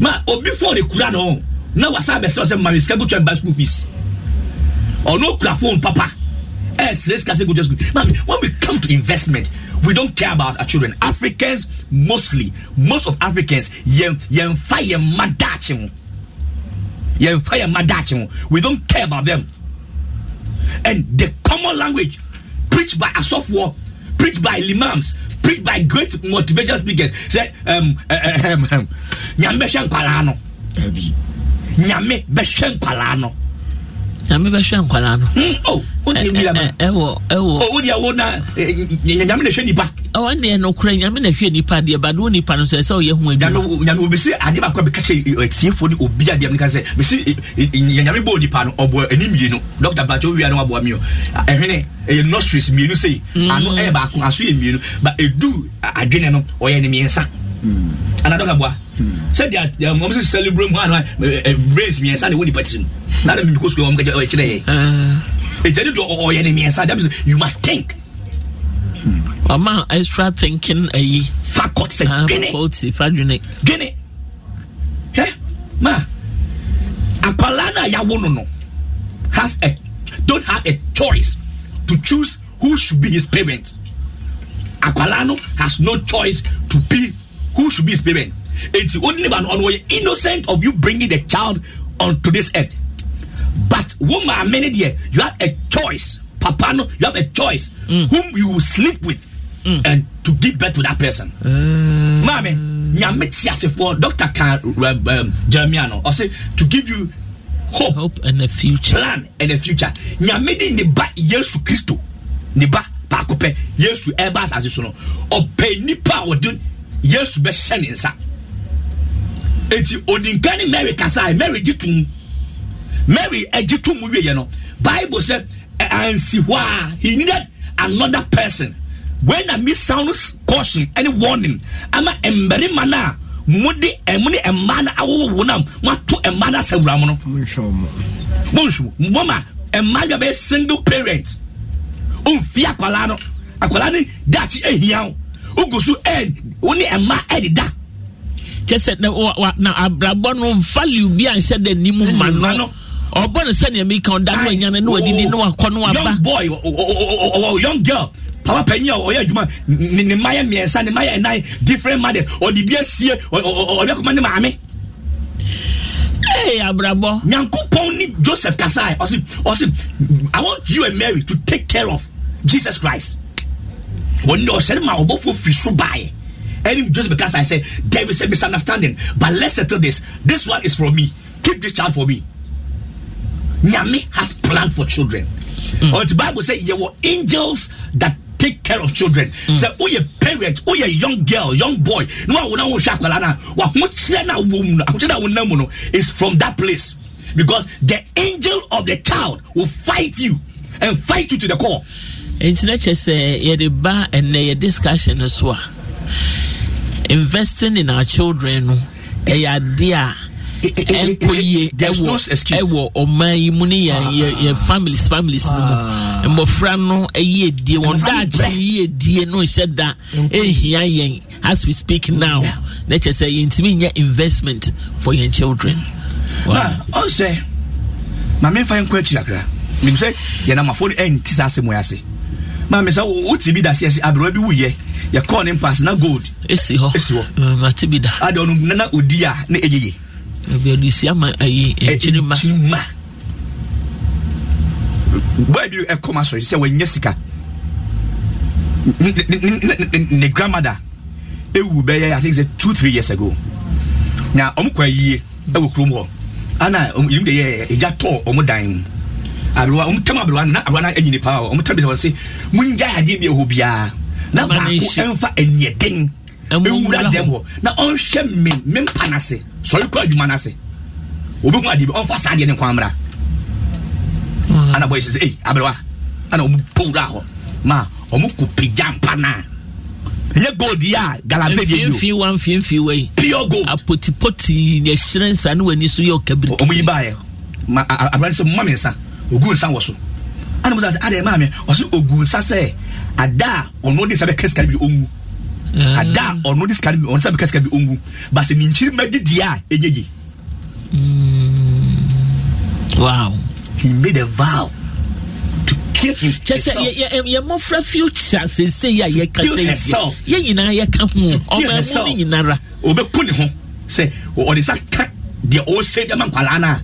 ma obi fone kura no na wasa abɛsɛ sɛ mame sika gotwa mba school fees ɔno kura phone papa ɛsrɛ eh, sika sɛ gotwa school mame when we come to investment we don't care about our children africans mostly most of africans yɛmfa yɛn ma daakye ho yɛmfa yɛn ma daakye ho we don't care about them and the common language preached by asɔfoɔ preached by limams preached by great motivation speakers Say, um, eh, eh, eh, um, um, nyame bɛhwɛ nkwalaa no nyame bɛhwɛ nkwalaa no nyame bɛhwɛ nkwalaa no hmm, oh, ɛwɔ ɛwɔ oh, eh, eh, nyame na hwɛ nipa ɛwɔ ne nokorɛ nyame na hwɛ nipa deɛ bade wo nipa no sɛ sɛ woyɛ ho adwumanyame wɔbɛsi adeɛ baako a bɛka kyɛ atiefoɔ eh, ne obi adeɛ meka sɛ bɛsi nyame bɔɔ nipa no ɔbɔ ani mmienu dr bato wia no waboa mio ɛhwene ɛyɛ nostris mmienu sei ano mm. ɛyɛ baako aso yɛ mmienu ba edu, adwene no ɔyɛ ne mmiɛnsa anadɔ ka bɔ a sɛ di a mɔmu sɛ celebrate mu anwa brains miɛnsa de wo nipa ti mu n'a dɔn mi ko sukuu wɔn kɛ ɔyɛ kyerɛ yɛ ejani do ɔyɛ ni miɛnsa that means you must think. ɔma extra thinking ayi. Eh, fakɔti sɛ dwene ah, fakɔti fadwene. dwene hɛ ma akwalaa na yawo no no has a don't have a choice to choose who should be his parent akwalaa no has no choice to be who should be his parent. It's only one on way innocent of you bringing the child onto this earth. But woman, many dear, you have a choice, Papa. No, you have a choice mm. whom you will sleep with mm. and to give birth to that person. Mm. Uh. Mommy. For Dr. Ka, um, um Jeremiano, or say to give you hope, hope and a future plan and a future. Nyamedi neba Yesu Christo, neba paakopɛ yesu ɛba asase so no ɔpɛ nipa a yesu bɛhyɛ ne nsa eti odinka ne mary kasa mary gye tum mary agye tum wieɛ no bible sɛ ansi hɔ a he needed another person when na mi sound caution ɛne warning ama mmarima no a mo de ɛmo ne mmaa no awowowo nam mo ato mmaa no asawura mo no monhwɛ mo ma mmaa bi a bɛyɛ single parent ɔmfie akwadaa no akwadaa no daakye ahia wo wogu so wo ne ɛma ɛdeda kyɛ sɛ na abrabɔ no value bi anhyɛ da nim ma no ɔbɔ no sɛnea meka ɔda no anyane na wadidi na wakɔ no waba young girl papa panyin a ɔyɛ adwuma ne ne mma mmiɛnsa ne mma nnan different mothers ɔde bi asie ɔde akoma ne maame. Hey, abrabɔ. nyankopɔn ni joseph Kasai. ɔsi ɔsi i want you and mary to take care of jesus christ. said my ma ɔbɔfo fi so baeɛ and just because i say there is a misunderstanding but let's settle this this one is for me keep this child for me nyame has planned for children mm. or the bible say there were angels that take care of children mm. sɛ oh, your parent oh, your young girl young boy na wawona wohwɛ akwala no a wahokyerɛ no wɔ mu no ahokyerɛ no a wonam mu no is from that place because the angel of the child will fight you and fight you to the core nti na kyɛ sɛ yɛde ba ɛnɛ yɛ discussion no so a investing in our children no ɛyɛ adeɛ a eh, eh, eh, ɛnkɔ yie ɛwɔ ɔman yi mu ne yɛn ah. families families no mu ah. mmɔfra no ɛyɛ edie wɔn daakye yɛ edie no nhyɛ da ehia yɛn as we speak now na kyɛ sɛ yɛntumi nyɛ investment for yɛn children. na ɔn sɛ maame nfa nkɔ akyiri akra nim sɛ yɛn amafo ɛnti saa asɛm wɔ ase. maame sɛ wote bi da sɛ ɛsɛ aberewa bi wuyɛ yɛkɔɔ ne mpas na gold Esi hɔ ɛsi hɔ mate bi da ade ɔno nana odi a ne ɛyeye adusi ama ayi ɛkyiri ma ɛkyiri ma bɔɔ bi ɛkɔm asɔre sɛ wɔnyɛ sika ne grandmother ewu bɛyɛ i think sɛ two three years ago na ɔmo kɔ ayie ɛwɔ kurom hɔ ana ɛmu de yɛ ɛgya tɔɔ ɔmo dan mu. aberewa wɔn tam aberewa na aberewa na anyini paa wɔn tam bi sɛ wɔn sɛ mun gya adeɛ bi ɛwɔ biara na baako ɛnfa ɛniɛ den ɛwura dɛm hɔ na ɔnhyɛ me me mpa n'ase sɔre kɔ adwuma n'ase obi hu adeɛ bi ɔnfa saa adeɛ ne kwan mra ana bɔ ɛsɛ sɛ ɛy aberewa ana wɔn powura hɔ ma wɔn kò pigya mpa naa ɛnyɛ gold yi a galamsey de yi o fiyefi wa fiyefi wa yi pure gold apotipoti yɛ hyerɛnsa ne wani so yɛ ɔkabiri ɔmu yi ba yɛ ma abirante sɛ mma mi nsa ogu nsa wɔ so ɛna mo sɛ adi maame ɔsɛ ogu nsa sɛ ada a ɔno de nsa bɛka sika bi ɔnwu mm. ada a ɔno de sika bi ɔno nsa bɛka sika bi ɔnwu baasi ne nkyiri mɛ di die a enye yi. Mm. wow he made a vow to kill him sese a yɛka yɛka ho ɔmo ɛmu nyinara. obɛku ne ho sɛ ɔde nsa ka deɛ ɔsɛ deɛ ma nkwalaa no a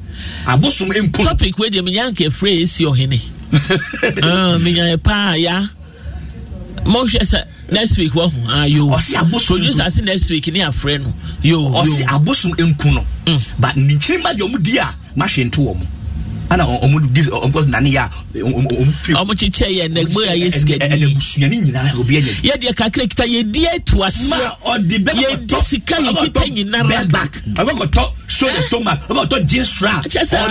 abosom mpo topic wei deɛ menya nkɛfrɛ ɛsi ɔhene menyaɛ paa ya mɔhwɛ sɛ next week wɔho ayo ah, ɔsi oh, abosom producer next week ne afrɛ no yo oh, abosom nku no mm. but ne nkyiri ma deɛ ɔmo di a mahwɛ nto wɔ mo ana ɔmo dis ɔmo nane yɛ a ɔmo fi. ɔmo kyekyɛ yɛ nɛ yɛ sika di. ɛnɛ busuani nyinaa obi ɛnyɛ. yɛ deɛ kakra kita yɛ di etu ma ɔdi bɛɛ kɔtɔ yɛ sika yɛ kita nyinaa. bɛɛ back ɔbɛ kɔtɔ so de so ma ɔbɛ kɔtɔ jean strap. kyɛsɛ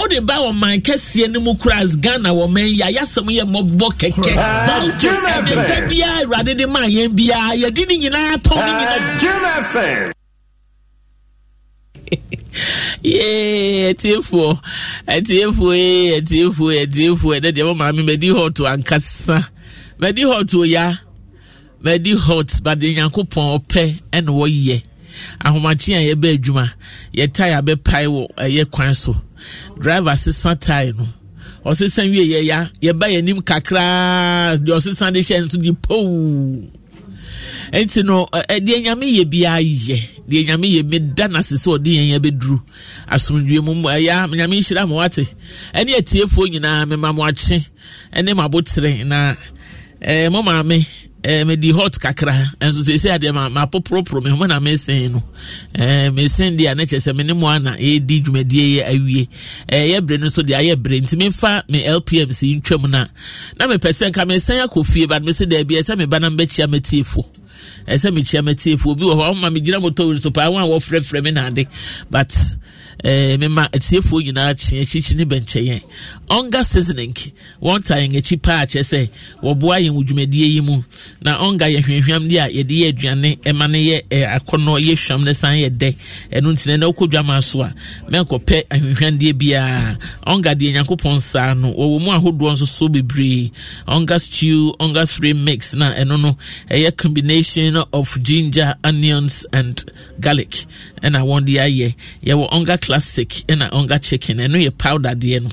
o de ba wɔ man kɛseɛ ne mu kura as ghana wɔ mɛn yɛ ayasɛm yɛ mɔbɔ kɛkɛ. ɛdɛ de ma yɛn yee ɛtiefoɔ ɛtiefoɔ yee ɛtiefoɔ ɛtiefoɔ ɛdɛ deɛ mo maame mɛdi hot ankasa mɛdi hot oya mɛdi hot bade nyankopɔn ɔpɛ ɛna wɔyɛ ahomakye a yɛbɛ adwuma yɛ tae abɛpae wɔ ɛyɛ kwan so driver sesa tae no ɔsesan wie yɛ ya yɛba yɛ anim kakraa deɛ de hyɛ no so de pow nti no ɛdeɛ nyame yɛ biara yɛ deɛ nyame yɛ meda no ase sɛ ɔde yɛn bɛduru asomdwe mu ɛyɛ nyame nhyira ma wate ɛne atiefoɔ nyinaa mema mo akye ne mabotere na eh, mo maame eh, hot kakra nso sɛ sɛ adeɛ mapoporoporo me homa na mesen no eh, mesen deɛ na kyerɛ sɛ me ne mo ana yɛdi dwumadie yɛ awie ɛyɛ eh, berɛ no nso deɛ ayɛ berɛ nti memfa me lpmc si ntwam no a na mepɛ sɛ nka mesen akɔ fie ba no mesɛ daabi ɛsɛ meba na mbɛkyia matiefo ɛsɛ mekyia matiefoɔ obi wɔ hɔ ama megyina motɔ so paa wa a wɔfrɛfrɛ me naade but Eh, mema atiefoɔ nyinaa kyeɛ kyikyi ne bɛnkyɛ yɛn ɔnga seasonink wɔnta yɛn akyi paa kyɛ sɛ wɔboa yɛn wɔ dwumadie yi mu na ɔnga yɛ hwehwam deɛ a yɛde yɛ aduane ɛma no yɛ eh, akɔnnɔ yɛ hwam no san yɛ dɛ ɛno nti na wokɔ dwamaa so a mɛnkɔpɛ ahwehwamdeɛ biara ɔnga deɛ nyankopɔn saa no wɔwɔ mu ahodoɔ nso so bebree ɔnga stew ɔnga three mix na ɛno no ɛyɛ combination of ginger onions and garlic ɛna wɔn de ayɛ yɛwɔ ɔnga classic ɛna ɔnga chicken ɛno yɛ powder deɛ no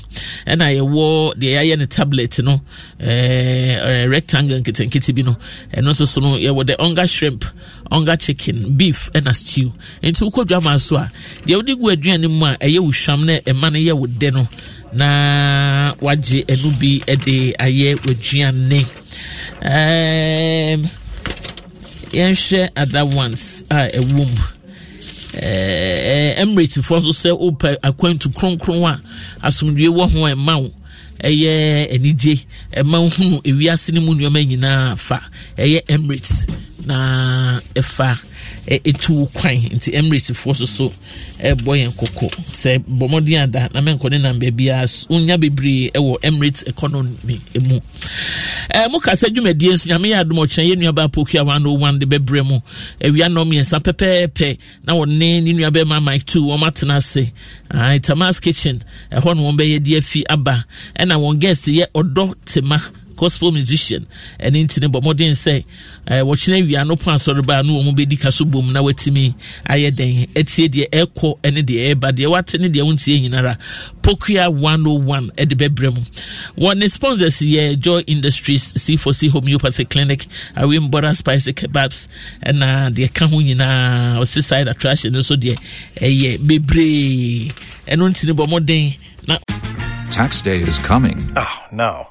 ɛna yɛwɔ deɛ yɛayɛ no tablet no ɛɛ rectangle nketenkete bi no ɛno nso so no yɛwɔ the ɔnga shrimp ɔnga chicken beef ɛna stew nti wokɔ dwa maa so a deɛ wode gu aduane mu a ɛyɛ wo hwam na ɛma no yɛ wo dɛ no na wagye ɛno bi de ayɛ w'aduane um, yɛnhwɛ other ones a ɛwɔ mu Eh, emiratefoɔ nso sɛ wopɛ akwantu kronkron a asomdwe wɔ ho ɛma wo ɛyɛ anigye ɛma wohunu ewiase no mu nneɔma nyinaa fa ɛyɛ emirates na ɛfa ɛtu kwan nti emiratifoɔ soso ɛbɔ yɛn koko sɛ bɔmmɔden ada na mɛnkɔ ne nam baabiara wonya bebree ɛwɔ emirate economy mu ɛɛ mo kasa dwumadie nso nyame yɛ adum ɔkyerɛ yɛ nuaba apokua one oh one de bɛbrɛ mu awia nnɔm mmiɛnsa pɛpɛɛpɛ na wɔne ne nuaba ma mike two wɔn atena ase ɛɛ tamas kitchen ɛhɔ na wɔn bɛyɛ de afi aba ɛna wɔn guest yɛ ɔdɔ tema. gospel musician ɛne nti eh, no bɔmmɔden sɛ wɔkyena awia no po asɔre baa no wɔ mu bɛdi ka so bom na watumi ayɛ dɛn atie deɛ ɛkɔ ne deɛ ɛba deɛ wate ne deɛ wontie nyinara pokua 101 ɛde bɛbrɛ mu wɔne sponsors yɛ joy industries c4c homeopathy clinic awembora spice kebabs ɛna deɛ ka ho nyinaa ɔse side attraction nso deɛ ɛyɛ bebree ɛno nti no bɔmmɔden na tax day is coming oh no